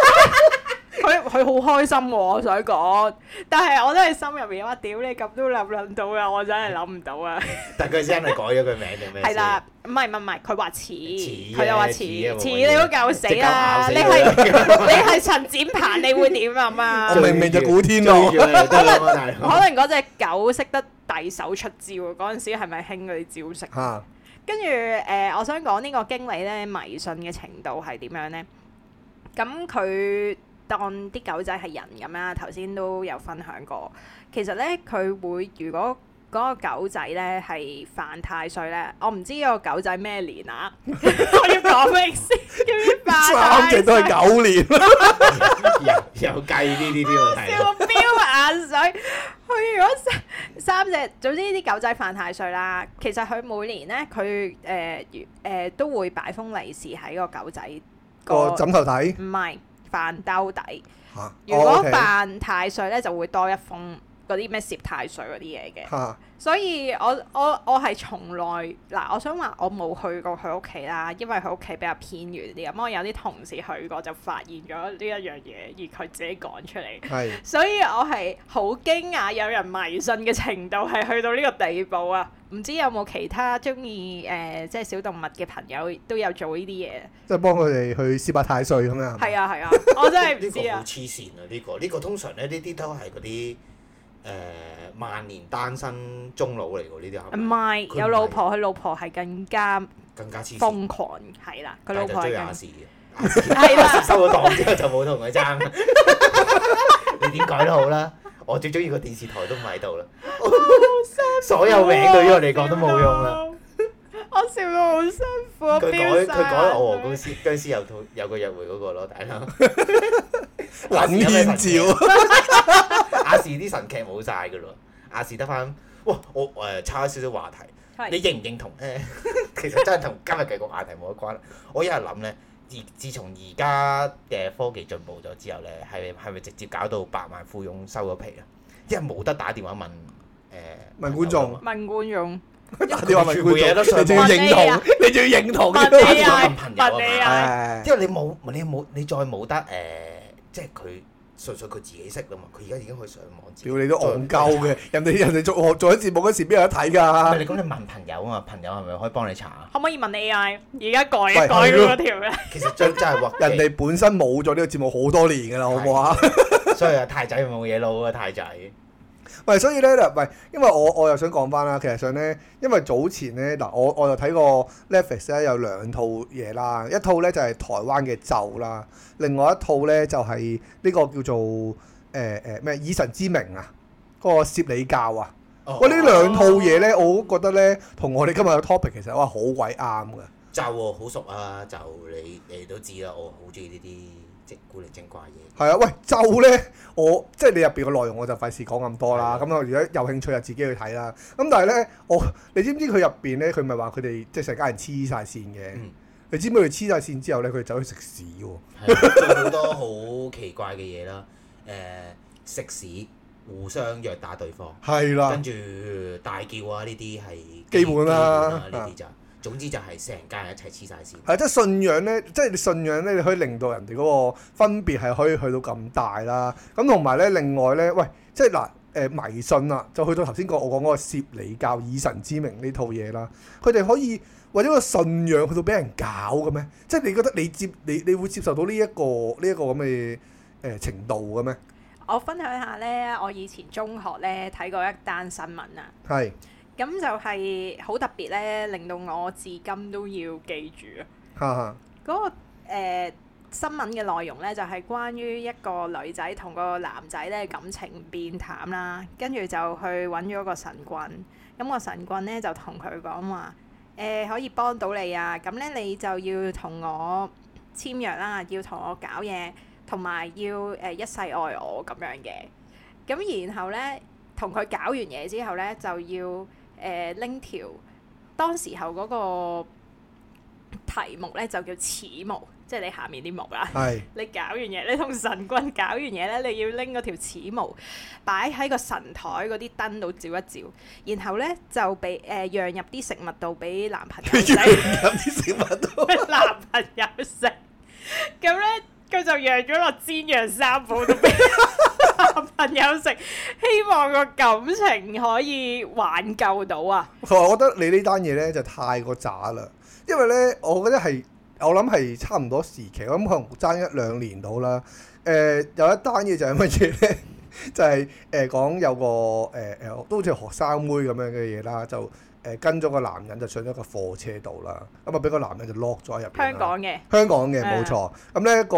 佢佢好開心喎，我想講，但係我都係心入面話，屌你咁都諗諗到啊！我真係諗唔到 啊！但佢真係改咗佢名定咩？係啦、啊，唔係唔係，佢話似，佢又話似，似都夠死啦，啊！死你係你係陳展鵬，你會點啊？媽著！ 我明明就古天樂 可能可能嗰隻狗識得遞手出招嗰陣時係係，係咪興嗰啲招式？嚇！跟住誒，我想講呢個經理咧，迷信嘅程度係點樣咧？咁佢。當啲狗仔係人咁啦，頭先都有分享過。其實咧，佢會如果嗰個狗仔咧係犯太歲咧，我唔知個狗仔咩年啊！我要講咩先？三隻都係狗年，又又呢啲啲啊！笑我飆眼水。佢如果三,三隻，總之啲狗仔犯太歲啦。其實佢每年咧，佢誒誒都會擺封利是喺個狗仔個枕頭底，唔係。扮兜底，假如果犯太歲咧，就會多一封。嗰啲咩攝太歲嗰啲嘢嘅，啊、所以我我我係從來嗱，我想話我冇去過佢屋企啦，因為佢屋企比較偏遠啲。咁我有啲同事去過就發現咗呢一樣嘢，而佢自己講出嚟。係是，所以我係好驚訝，有人迷信嘅程度係去到呢個地步啊！唔知有冇其他中意誒，即係小動物嘅朋友都有做呢啲嘢，即係幫佢哋去攝太歲咁啊？係啊係啊，我真係唔知、 這個這個、啊！好黐線啊！呢、這個呢個通常咧呢啲都係嗰啲。誒萬年單身中老嚟喎，呢啲唔係有老婆，佢老婆係更加更加痴線瘋狂，係啦，佢老婆追亞視嘅，係啦，收咗檔之後就冇同佢爭，你點改都好啦，我最中意個電視台都唔喺度啦，所有名對於我嚟講都冇用啦，我笑到好辛苦，佢改佢改，我和公司僵屍又討有個約會嗰個咯，大佬林燕照。亞視啲神劇冇晒噶咯，亞視得翻。哇，我誒差少少話題，是你認唔認同咧、欸？其實真係同今日嘅個話題冇乜關係。我一日諗咧，自自從而家嘅科技進步咗之後咧，係係咪直接搞到百萬富翁收咗皮啊？即係冇得打電話問誒、呃、問觀眾，問，問觀眾，打電話問觀眾，你仲要認同，你仲要認同打電話問朋友，因為你冇，你冇，你再冇得誒、呃，即係佢。純粹佢自己識㗎嘛，佢而家已經可以上網。屌你都戇鳩嘅，人哋人哋做做緊節目嗰時，邊有得睇㗎？唔係 你講你問朋友啊嘛，朋友係咪可以幫你查？可唔可以問 AI？而家改一改咗條咧？其實真真係話，人哋本身冇咗呢個節目好多年㗎啦， 對好唔好啊？所以啊，太仔冇嘢囉啊，太仔。喂，所以咧嗱，喂，因為我我又想講翻啦，其實上咧，因為早前咧嗱，我我又睇過 Netflix 咧有兩套嘢啦，一套咧就係、是、台灣嘅咒啦，另外一套咧就係、是、呢個叫做誒誒咩以神之名啊，嗰、那個攝理教啊，哦、喂，呢兩套嘢咧，我都覺得咧，同我哋今日嘅 topic 其實哇好鬼啱㗎，咒好熟啊，咒你你都知啦、啊，我好中意呢啲。古靈精怪嘢係啊！喂，就咧我即係你入邊嘅內容，我就費事講咁多啦。咁我如果有興趣，就自己去睇啦。咁但係咧，我你知唔知佢入邊咧？佢咪話佢哋即係成家人黐晒線嘅。你知唔知佢黐晒線之後咧？佢走去食屎喎、哦，做好多好奇怪嘅嘢啦。誒、 呃，食屎互相虐打對方，係啦，跟住大叫啊！呢啲係基本啦、啊，呢啲、啊、就係。總之就係成家人一齊黐晒線。係， 即係信仰咧，即係你信仰咧，你可以令到人哋嗰個分別係可以去到咁大啦。咁同埋咧，另外咧，喂，即係嗱，誒、啊、迷信啦，就去到頭先講我講嗰個攝理教以神之名呢套嘢啦。佢哋可以為咗個信仰去到俾人搞嘅咩？即係你覺得你接你你會接受到呢、這、一個呢一、這個咁嘅誒程度嘅咩？我分享一下咧，我以前中學咧睇過一單新聞啊。係。咁就係好特別咧，令到我至今都要記住啊！嗰 、嗰個、呃、新聞嘅內容咧，就係、是、關於一個女仔同個男仔咧感情變淡啦，跟住就去揾咗個神棍。咁、嗰個神棍咧就同佢講話誒，可以幫到你啊！咁咧你就要同我簽約啦，要同我搞嘢，同埋要誒、呃、一世愛我咁樣嘅。咁然後咧，同佢搞完嘢之後咧，就要～誒拎、呃、條當時候嗰個題目咧就叫恥毛，即係你下面啲毛啦。係是 你搞完嘢咧，同神棍搞完嘢咧，你要拎嗰條恥毛擺喺個神台嗰啲燈度照一照，然後咧就俾誒放入啲食物度俾男朋友食，放入啲食物度俾男朋友食，咁 咧。佢就養咗落煎釀三寶度俾朋友食， 希望個感情可以挽救到啊我！我覺得你呢單嘢咧就太過渣啦，因為咧我覺得係我諗係差唔多時期，我諗可能爭一兩年到啦。誒、呃、有一單嘢就係乜嘢咧？就係、是、誒、呃、講有個誒誒、呃、都好似學生妹咁樣嘅嘢啦，就。誒，跟咗個，個，個男人就上咗個貨車度啦，咁啊俾個男人就落咗喺入邊。香港嘅，香港嘅，冇錯。咁呢一個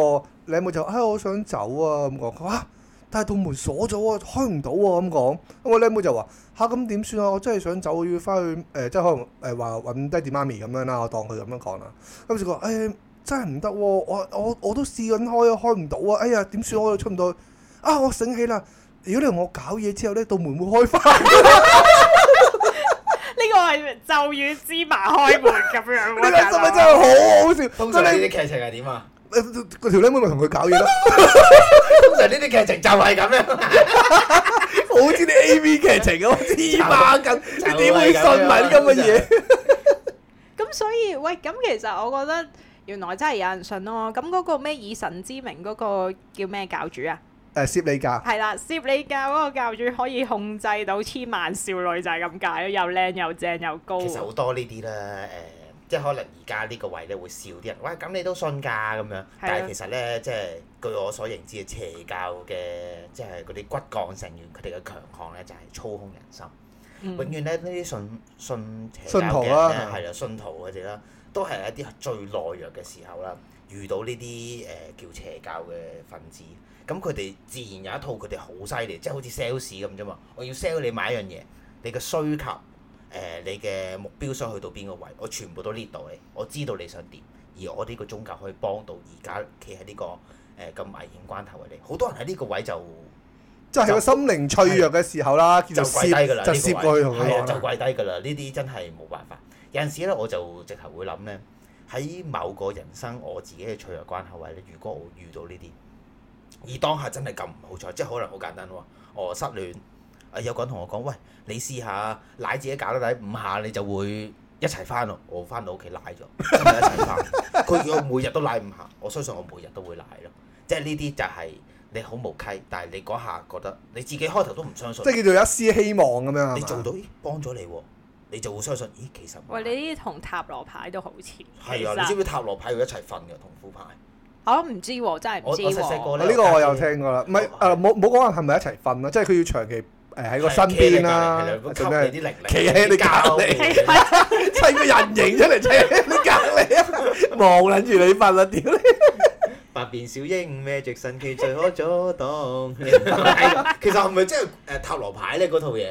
靚妹就話：，哎，我想走啊！咁講，佢、啊、話，但係道門鎖咗喎，開唔到喎。咁講，咁個靚妹就話：，吓、啊，咁點算啊？我真係想走，要翻去誒、呃，即係可能誒話搵爹地媽咪咁樣啦。我當佢咁樣講啦。咁時佢話：，誒、啊，真係唔得喎！我我我都試緊開、啊，開唔到啊！哎呀，點算？我我出唔到。啊！我醒起啦，如果你同我搞嘢之後咧，道門會開翻 個係咒語芝麻開門咁樣，呢 個新聞真係好好笑。通常呢啲劇情係點啊？個條靚妹咪同佢搞嘢咯。通常呢啲劇情就係咁樣，好似啲 AV 劇情咁，芝麻咁，你點會信埋啲咁嘅嘢？咁 所以喂，咁其實我覺得原來真係有人信咯。咁嗰個咩以神之名嗰個叫咩教主啊？誒，攝理教係啦，攝理教嗰個教主可以控制到千萬少女，就係咁解咯，又靚又正又高。其實好多呢啲咧，誒、呃，即係可能而家呢個位咧會笑啲人，喂，咁你都信㗎咁樣。但係其實咧，即係據我所認知嘅邪教嘅，即係嗰啲骨幹成員，佢哋嘅強項咧就係操控人心。嗯、永遠咧，呢啲信信邪教嘅人係啦，信徒嗰啲啦，都係一啲最懦弱嘅時候啦，遇到呢啲誒叫邪教嘅分子。咁佢哋自然有一套，佢哋好犀利，即係好似 sales 咁啫嘛。我要 sell 你買一樣嘢，你嘅需求，誒、呃，你嘅目標想去到邊個位，我全部都捏到你，我知道你想點。而我呢個宗教可以幫到而家企喺呢個誒咁、呃、危險關頭嘅你。好多人喺呢個位就即係喺個心靈脆弱嘅時候啦，就跪低㗎啦，就跪低㗎啦。呢啲真係冇辦法。有陣時咧，我就直頭會諗咧，喺某個人生我自己嘅脆弱關口位咧，如果我遇到呢啲。而當下真係咁唔好彩，即係可能好簡單喎。哦，失戀。啊，有個人同我講，喂，你試下賴自己搞得底五下，你就會一齊翻咯。我翻到屋企賴咗，真係 一齊翻。佢叫我每日都賴五下，我相信我每日都會賴咯。即係呢啲就係你好無稽，但係你嗰下覺得你自己開頭都唔相信。即係叫做有一絲希望咁樣。你做到，咦、欸？幫咗你，你就會相信。咦，其實喂，你呢啲同塔羅牌都好似。係啊，你知唔知塔羅牌要一齊瞓嘅同副牌？我唔知，真係唔知喎。呢個我又聽過啦，唔係誒，冇冇講係咪一齊瞓啦？即係佢要長期誒喺個身邊啦，長期啲零騎喺你隔離，係啊，砌個人形出嚟，砌喺你隔離啊，望撚住你瞓啦，屌你！百變小櫻，magic 神奇，誰可阻擋？其實係咪即係誒塔羅牌咧？嗰套嘢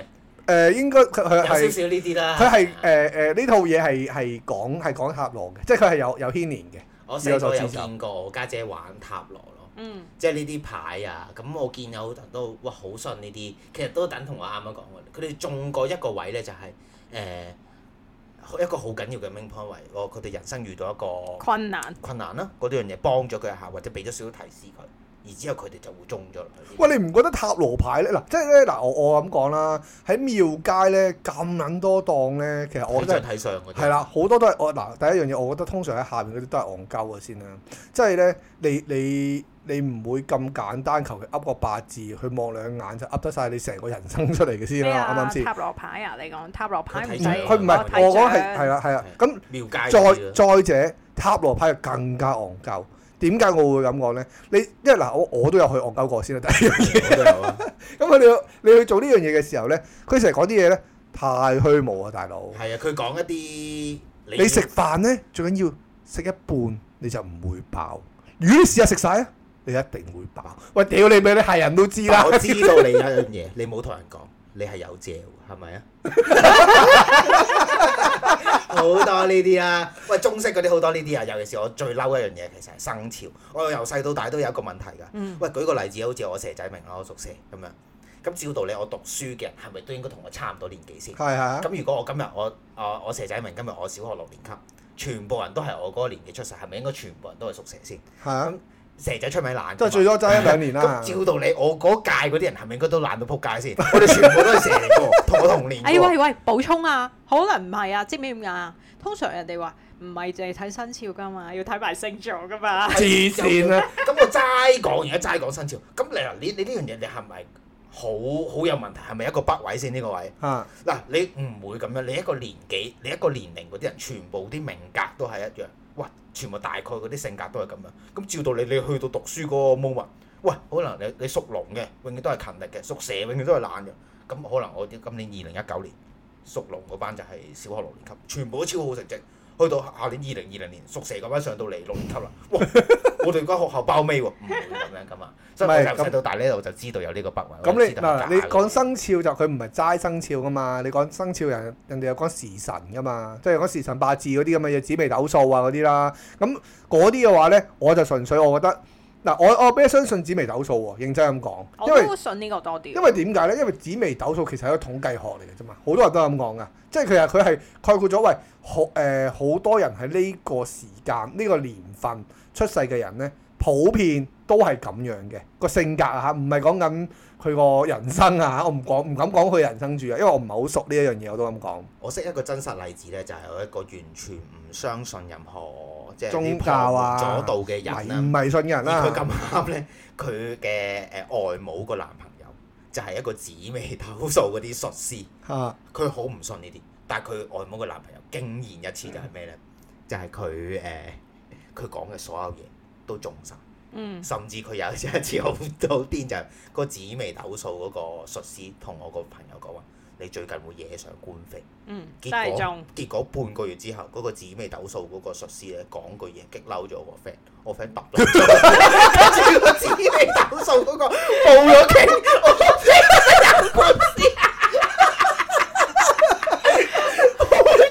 誒應該係有少少呢啲啦，係誒誒呢套嘢係係講係講塔羅嘅，即係佢係有有牽連嘅。.我細個有見過我家姐玩塔羅咯，嗯、即係呢啲牌啊，咁我見有好多人都哇，好信呢啲，其實都等同我啱啱講嘅，佢哋中過一個位咧、就係，就係誒一個好緊要嘅 main point 位，我佢哋人生遇到一個困難困難啦，嗰啲嘢幫咗佢一下，或者俾咗少少提示佢。而之後佢哋就會中咗。喂，你唔覺得塔羅牌咧嗱，即係咧嗱，我我咁講啦，喺廟街咧咁撚多檔咧，其實我真係睇上嘅。係啦，好多都係我嗱，第一樣嘢，我覺得通常喺下面嗰啲都係戇鳩嘅先啦。即係咧，你你你唔會咁簡單求其噏個八字，佢望兩眼就噏得晒你成個人生出嚟嘅先啦，啱啱先？塔羅牌啊，你講塔羅牌佢唔係我講係係啦係啊。咁廟街再再者，塔羅牌更加戇鳩。點解我會咁講呢？你因為嗱，我我都有去惡搞過先啦，第一樣嘢啦。咁佢哋你去做呢樣嘢嘅時候呢，佢成日講啲嘢呢，太虛無啊，大佬。係啊，佢講一啲你食飯呢，最緊要食一半你就唔會飽。如果試下食晒曬，你一定會飽。喂，屌你咪你係人都知啦。我知道你有一樣嘢， 你冇同人講，你係有借喎，係咪啊？ 好 多呢啲啊，喂中式嗰啲好多呢啲啊，尤其是我最嬲一樣嘢，其實係生肖，我由細到大都有一個問題㗎。嗯，喂，舉個例子，好似我蛇仔明啊，我屬蛇咁樣。咁照道理我讀書嘅係咪都應該同我差唔多年紀先？係係、啊。咁如果我今日我啊我，我蛇仔明今日我小學六年級，全部人都係我嗰個年紀出世，係咪應該全部人都係屬蛇先？係啊。蛇仔出名爛，都係最多爭一兩年啦。嗯、照道理，我嗰屆嗰啲人係咪應該都爛到撲街先？ 我哋全部都係蛇過， 同我同年。哎喂喂，補充啊，可能唔係啊，即係咩點解啊？通常人哋話唔係淨係睇生肖噶嘛，要睇埋星座噶嘛。黐線啦！咁、 嗯、我齋講而家齋講生肖，咁嚟啦！你你呢樣嘢你係咪好好，好有問題？係咪一個北位先呢、呢個位？嗱， 你唔會咁樣，你一個年紀，你一個年齡嗰啲人，全部啲命格都係一樣。全部大概嗰啲性格都係咁樣，咁照到你你去到讀書嗰個 moment，喂，可能你你屬龍嘅，永遠都係勤力嘅；屬蛇永遠都係懶嘅。咁可能我啲今年二零一九年屬龍嗰班就係小學六年級，全部都超好成績。去到下年二零二零年，屬蛇咁樣上到嚟六年級啦，我哋間學校包尾喎、啊，唔會咁樣噶、啊、嘛， 所以由細到大咧我就知道有呢個不位。咁你你講生肖就佢唔係齋生肖噶嘛，你講生肖人，人哋又講時辰噶嘛，即係講時辰八字嗰啲咁嘅嘢，紫微斗數啊嗰啲啦，咁嗰啲嘅話咧，我就純粹我覺得。嗱，我我比較相信紫微斗數喎，認真咁講。我都會信呢個多啲。因為點解咧？因為紫微斗數其實係一個統計學嚟嘅啫嘛，好多人都係咁講噶。即係其實佢係概括咗，喂，好誒，好多人喺呢個時間、呢、呢個年份出世嘅人咧，普遍都係咁樣嘅個性格啊嚇，唔係講緊佢個人生啊嚇，我唔講唔敢講佢人生註啊，因為我唔係好熟呢一樣嘢，我都咁講。我識一個真實例子咧，就係、係、有一個完全唔相信任何。即係啲破左道嘅人啦，迷信嘅人啦。佢咁啱咧，佢嘅誒外母個男朋友就係、是、一個紫微斗數嗰啲術師。佢好唔信呢啲，但係佢外母個男朋友竟然一次就係咩咧？嗯、就係佢誒，佢講嘅所有嘢都中晒。嗯，甚至佢有有一次好好癲，就是、個紫微斗數嗰個術師同我個朋友講話。你最近會惹上官非，嗯，結果結果半個月之後，嗰、那個紫微斗數嗰個術師咧講句嘢激嬲咗我 friend，我 friend 突啦，嗰個紫微斗數嗰個報咗警，我真係入官司，我真係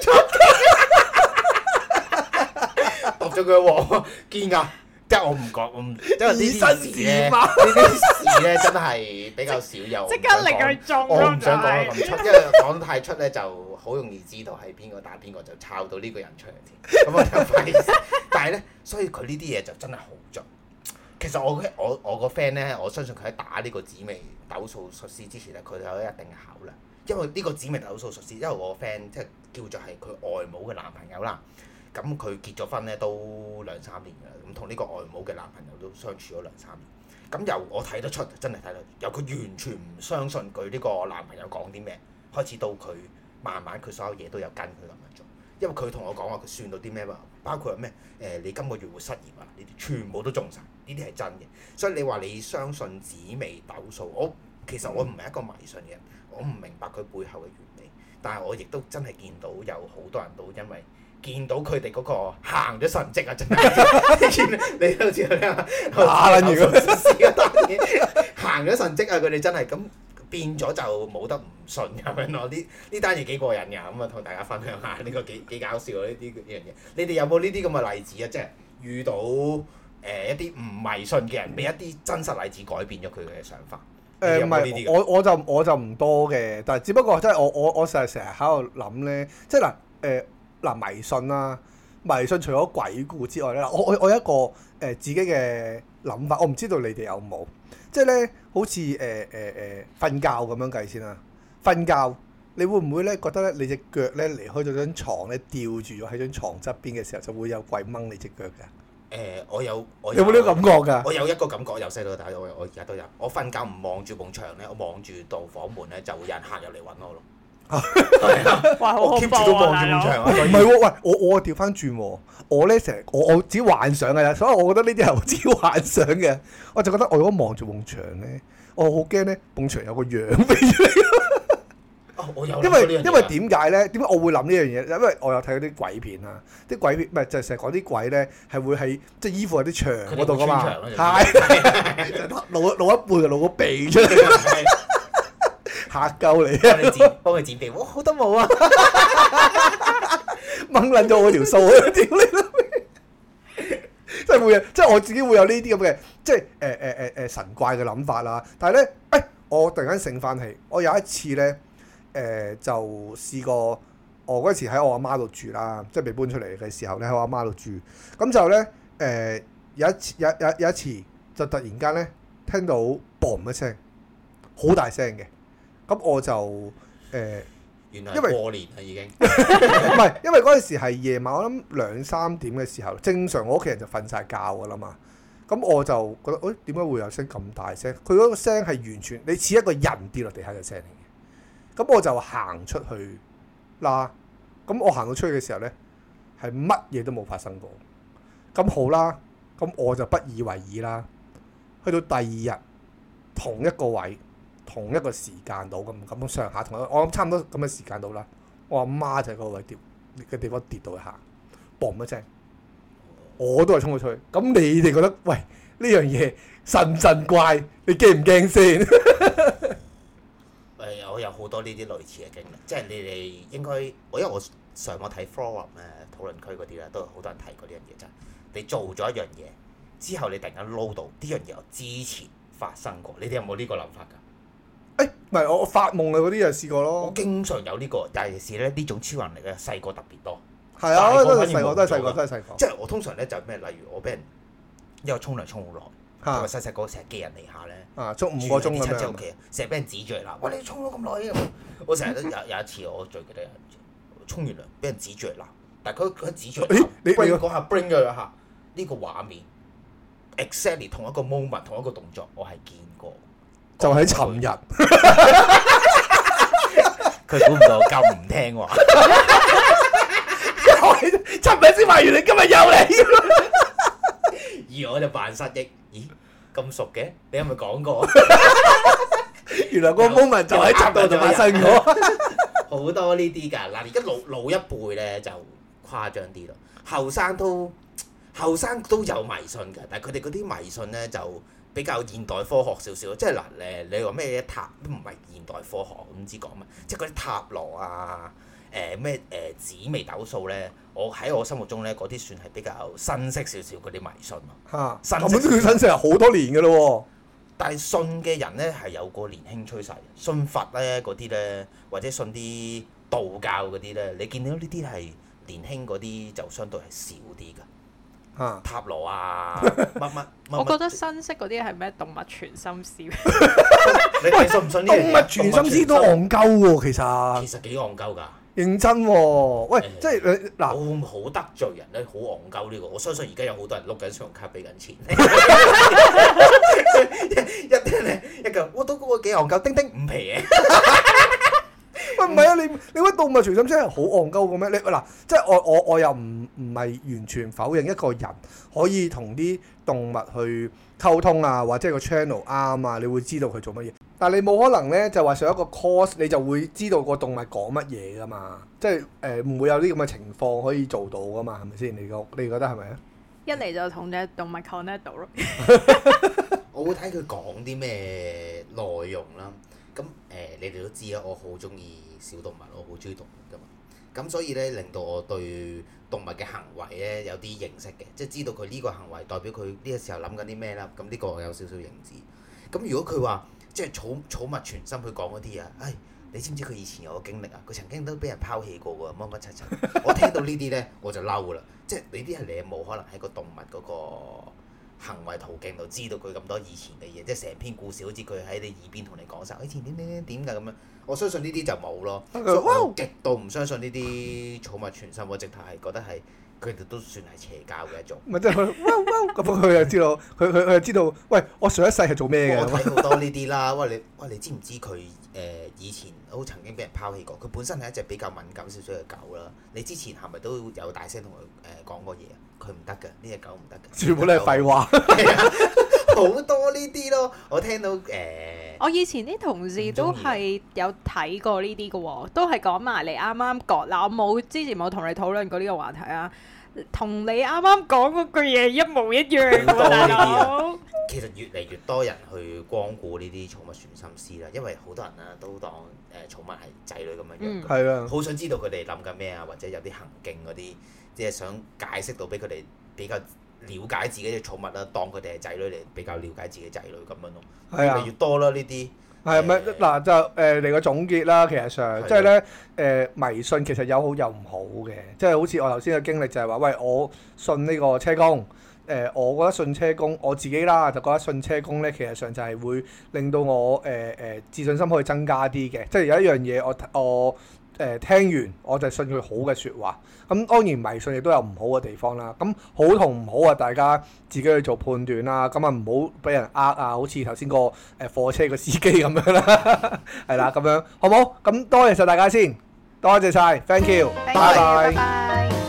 出家，突咗佢王堅啊！即我唔講，我唔，因為呢啲事呢啲事咧 真係比較少有。即刻令佢中，我唔想講得咁出， 因為講得太出咧，就好容易知道係邊個打邊個，就抄到呢個人出嚟。咁我就啊， 但係咧，所以佢呢啲嘢就真係好準。其實我我我個 friend 咧，我相信佢喺打呢個紫微斗數術師之前咧，佢有一定嘅考量。因為呢個紫微斗數術師，因為我個 friend 即係叫做係佢外母嘅男朋友啦。咁佢結咗婚咧都兩三年啦，咁同呢個外母嘅男朋友都相處咗兩三年。咁由我睇得出，真係睇得出，由佢完全唔相信佢呢個男朋友講啲咩，開始到佢慢慢佢所有嘢都有跟佢咁樣做。因為佢同我講話，佢算到啲咩啊？包括咩？誒、呃，你今個月會失業啊？呢啲全部都中晒。呢啲係真嘅。所以你話你相信紫微斗數，我其實我唔係一個迷信嘅人，我唔明白佢背後嘅原理。但係我亦都真係見到有好多人都因為見到佢哋嗰個行咗神蹟啊！真係，你都知道啦，當然行咗神蹟啊！佢哋真係咁變咗就冇得唔信咁樣咯。呢呢單嘢幾過癮㗎，咁啊同大家分享下呢、呢個幾幾搞笑啊！呢啲呢樣嘢，你哋有冇呢啲咁嘅例子啊？即係遇到誒、呃、一啲唔迷信嘅人，俾一啲真實例子改變咗佢嘅想法。誒唔係，我我就我就唔多嘅，但係只不過即係我我我成日成日喺度諗咧，即係嗱誒嗱迷信啦、啊，迷信除咗鬼故之外咧，我我我有一個誒、呃、自己嘅諗法，我唔知道你哋有冇，即係咧好似誒誒誒瞓覺咁樣計先啦，瞓覺你會唔會咧覺得咧你隻腳咧離開咗張床咧，吊住咗喺張床側邊嘅時候就會有鬼掹你隻腳嘅？誒、呃，我有我有冇呢個感覺㗎？我有一個感覺，由細到大，我我而家都有。我瞓覺唔望住埲牆咧，我望住到房門咧，就會有人客入嚟揾我咯。 啊、哇！好恐怖啊！我 keep 住都望住埲牆。唔係喎，喂，我我調翻轉，我咧成日我我自己幻想㗎啦，所以我覺得呢啲係我自己幻想嘅。我就覺得我如果望住埲牆咧，我好驚咧，埲牆有個樣俾你。啊、因為因為點解咧？點解我會諗呢樣嘢？因為我有睇嗰啲鬼片，鬼片鬼啊！啲鬼片唔係就成日講啲鬼咧，係會喺即係衣服喺啲牆嗰度噶嘛？老一就老一輩啊，露個鼻出嚟，嚇鳩你！幫佢剪，幫佢剪鼻，哇，好多毛啊！猛捻咗我條數！屌你老味！真係會啊！即係我自己會有呢啲咁嘅，即係誒誒誒誒神怪嘅諗法啦。但係咧，誒、欸，我突然間醒翻起，我有一次咧。誒、呃、就試過，哦、我嗰時喺我阿媽度住啦，即係未搬出嚟嘅時候呢，咧喺我阿媽度住，咁就咧誒、呃、有一次，有有有一次，就突然間咧聽到嘣一聲，好大聲嘅，咁我就、呃、原來，因為過年啦已經，唔係 因為嗰陣時係夜晚，我諗兩三點嘅時候，正常我屋企人就瞓晒覺㗎啦嘛，咁我就覺得誒點解會有聲咁大聲？佢嗰個聲係完全你似一個人跌落地下嘅聲。咁我就行出去啦，咁我行到出去嘅時候咧，係乜嘢都冇發生過。咁好啦，咁我就不以為意啦。去到第二日，同一個位、同一個時間度咁咁上下，同一，我諗差唔多咁嘅時間度啦。我阿媽就係嗰個位跌嘅地方跌到去行，嘣一聲，我都係衝咗出去。咁你哋覺得喂呢樣嘢神唔神怪？你驚唔驚先？ 誒、呃，我有好多呢啲類似嘅經歷，即係你哋應該，我因為我上網睇 forum 咧，討論區嗰啲咧，都有好多人提過呢樣嘢啫。就係、你做咗一樣嘢之後，你突然間撈到呢樣嘢，之前發生過，你哋有冇呢個諗法㗎？誒、欸，唔係我我發夢啦，嗰啲就試過咯。我經常有呢、呢個，尤其、嗯、是咧呢種超能力嘅細個特別多。係啊，會會都係細都係細個，都係細個。即係我通常咧就係、是、咩？例如我俾人因為沖涼沖好耐。我細細個成日雞人嚟下，寄人籬下咧，衝五個鐘咁樣，成日俾人指住嚟鬧。喂，你衝咗咁耐？我成日都有，有一次，我最記得，沖完涼俾人指住嚟鬧。但係佢佢指住，不如講下 bring 佢下呢個畫面 exactly 同一個 moment 同一個動作，我係見過。就喺尋日，佢估唔到我咁唔聽話，一開差唔多先賣完，你今日又嚟，而我就扮失憶。咦，咁熟嘅？你有冇講過？ 原來個 moment 就喺集度就迷信我，好多呢啲㗎。嗱，而家老老一輩咧就誇張啲咯，後生都後生都有迷信嘅，但係佢哋嗰啲迷信咧就比較現代科學少少，即係嗱咧，你話咩塔都唔係現代科學，唔知講乜，即係嗰啲塔羅啊。誒咩誒紫微斗數咧？我喺我心目中咧，嗰啲算係比較新式少少嗰啲迷信咯。嚇哈，本身佢新式係好多年嘅咯喎。但係信嘅人咧係有個年輕趨勢，信佛咧嗰啲咧，或者信啲道教嗰啲咧，你見到呢啲係年輕嗰啲就相對係少啲嘅。塔羅啊，乜乜 我覺得新式嗰啲係咩動物傳心思。喂， 信唔信呢啲動物傳心思都戇鳩喎？其實其實幾戇鳩㗎。 認真喎、哦，喂，嗯、即係你嗱，好得罪人咧，好戇鳩呢個，我相信而家有好多人碌緊信用卡俾緊錢， 一一一嚿，我、哦、都我幾戇鳩，叮叮五皮嘢。嗯、喂，唔係啊，你你覺得動物傳心真係好戇鳩嘅咩？你嗱，即係我我我又唔唔係完全否認一個人可以同啲動物去溝通啊，或者個 channel 啱啊，你會知道佢做乜嘢。但係你冇可能咧，就話上一個 course 你就會知道個動物講乜嘢噶嘛？即係誒，呃、唔會有啲咁嘅情況可以做到噶嘛？係咪先？你覺你覺得係咪啊？一嚟就同隻動物 connect 到咯。 我會睇佢講啲咩內容啦。咁誒、呃，你哋都知啦，我好中意小動物，我好中意動物噶嘛。咁所以咧，令到我對動物嘅行為咧有啲認識嘅，即係知道佢呢個行為代表佢呢個時候諗緊啲咩啦。咁、這、呢個有少少認知。咁如果佢話即係寵寵物傳心去講嗰啲啊，唉、哎，你知唔知佢以前有個經歷啊？佢曾經都俾人拋棄過嘅，乜乜柒柒。 我聽到呢啲咧，我就嬲啦。即係你啲人舐毛，可能喺個動物嗰、那個。行為途徑度，知道佢咁多以前嘅嘢，即係成篇故事，好似佢喺你耳邊同你講晒。以前點點點點㗎咁樣。我相信呢啲就冇咯，Okay. 我極度唔相信呢啲寵物傳心，我直頭係覺得係。佢哋都算係邪教嘅一種。咪即係佢，汪汪咁，佢又知道，佢佢佢又知道，喂，我上一世係做咩嘅？我睇好多呢啲啦， 喂你，喂你知唔知佢誒、呃、以前都、呃、曾經俾人拋棄過？佢本身係一隻比較敏感少少嘅狗啦。你之前係咪都有大聲同佢誒講過嘢？佢唔得嘅，呢隻狗唔得嘅。全部都係廢話。 好 多呢啲咯，我聽到誒，呃、我以前啲同事都係有睇過呢啲嘅喎，都係講埋你啱啱講，我冇之前冇同你討論過呢個話題啊，同你啱啱講嗰句嘢一模一樣，大佬。啊、 其實越嚟越多人去光顧呢啲寵物傳心師啦，因為好多人啊都當誒寵物係仔女咁樣樣，係啦、嗯，好想知道佢哋諗緊咩啊，或者有啲行徑嗰啲，即、就、係、是、想解釋到俾佢哋比較。了解自己嘅寵物啦，當佢哋係仔女嚟，比較了解自己仔女咁樣咯，係啊，越嚟越多啦呢啲。係咪嗱就誒嚟、呃、個總結啦？其實上即係咧誒，迷信其實有好有唔好嘅，即、就、係、是、好似我頭先嘅經歷就係話，喂我信呢個車工誒、呃，我覺得信車工我自己啦，就覺得信車工咧，其實上就係會令到我誒誒、呃呃、自信心可以增加啲嘅，即係有一樣嘢我我。我我我我誒聽完我就信佢好嘅説話，咁當然迷信亦都有唔好嘅地方啦。咁好同唔好啊，大家自己去做判斷啦、啊。咁啊唔好俾人呃啊，好似頭先個誒貨車個司機咁樣啦、啊，係啦咁樣，好冇？咁多謝晒大家先，多謝晒。Thank you，拜拜。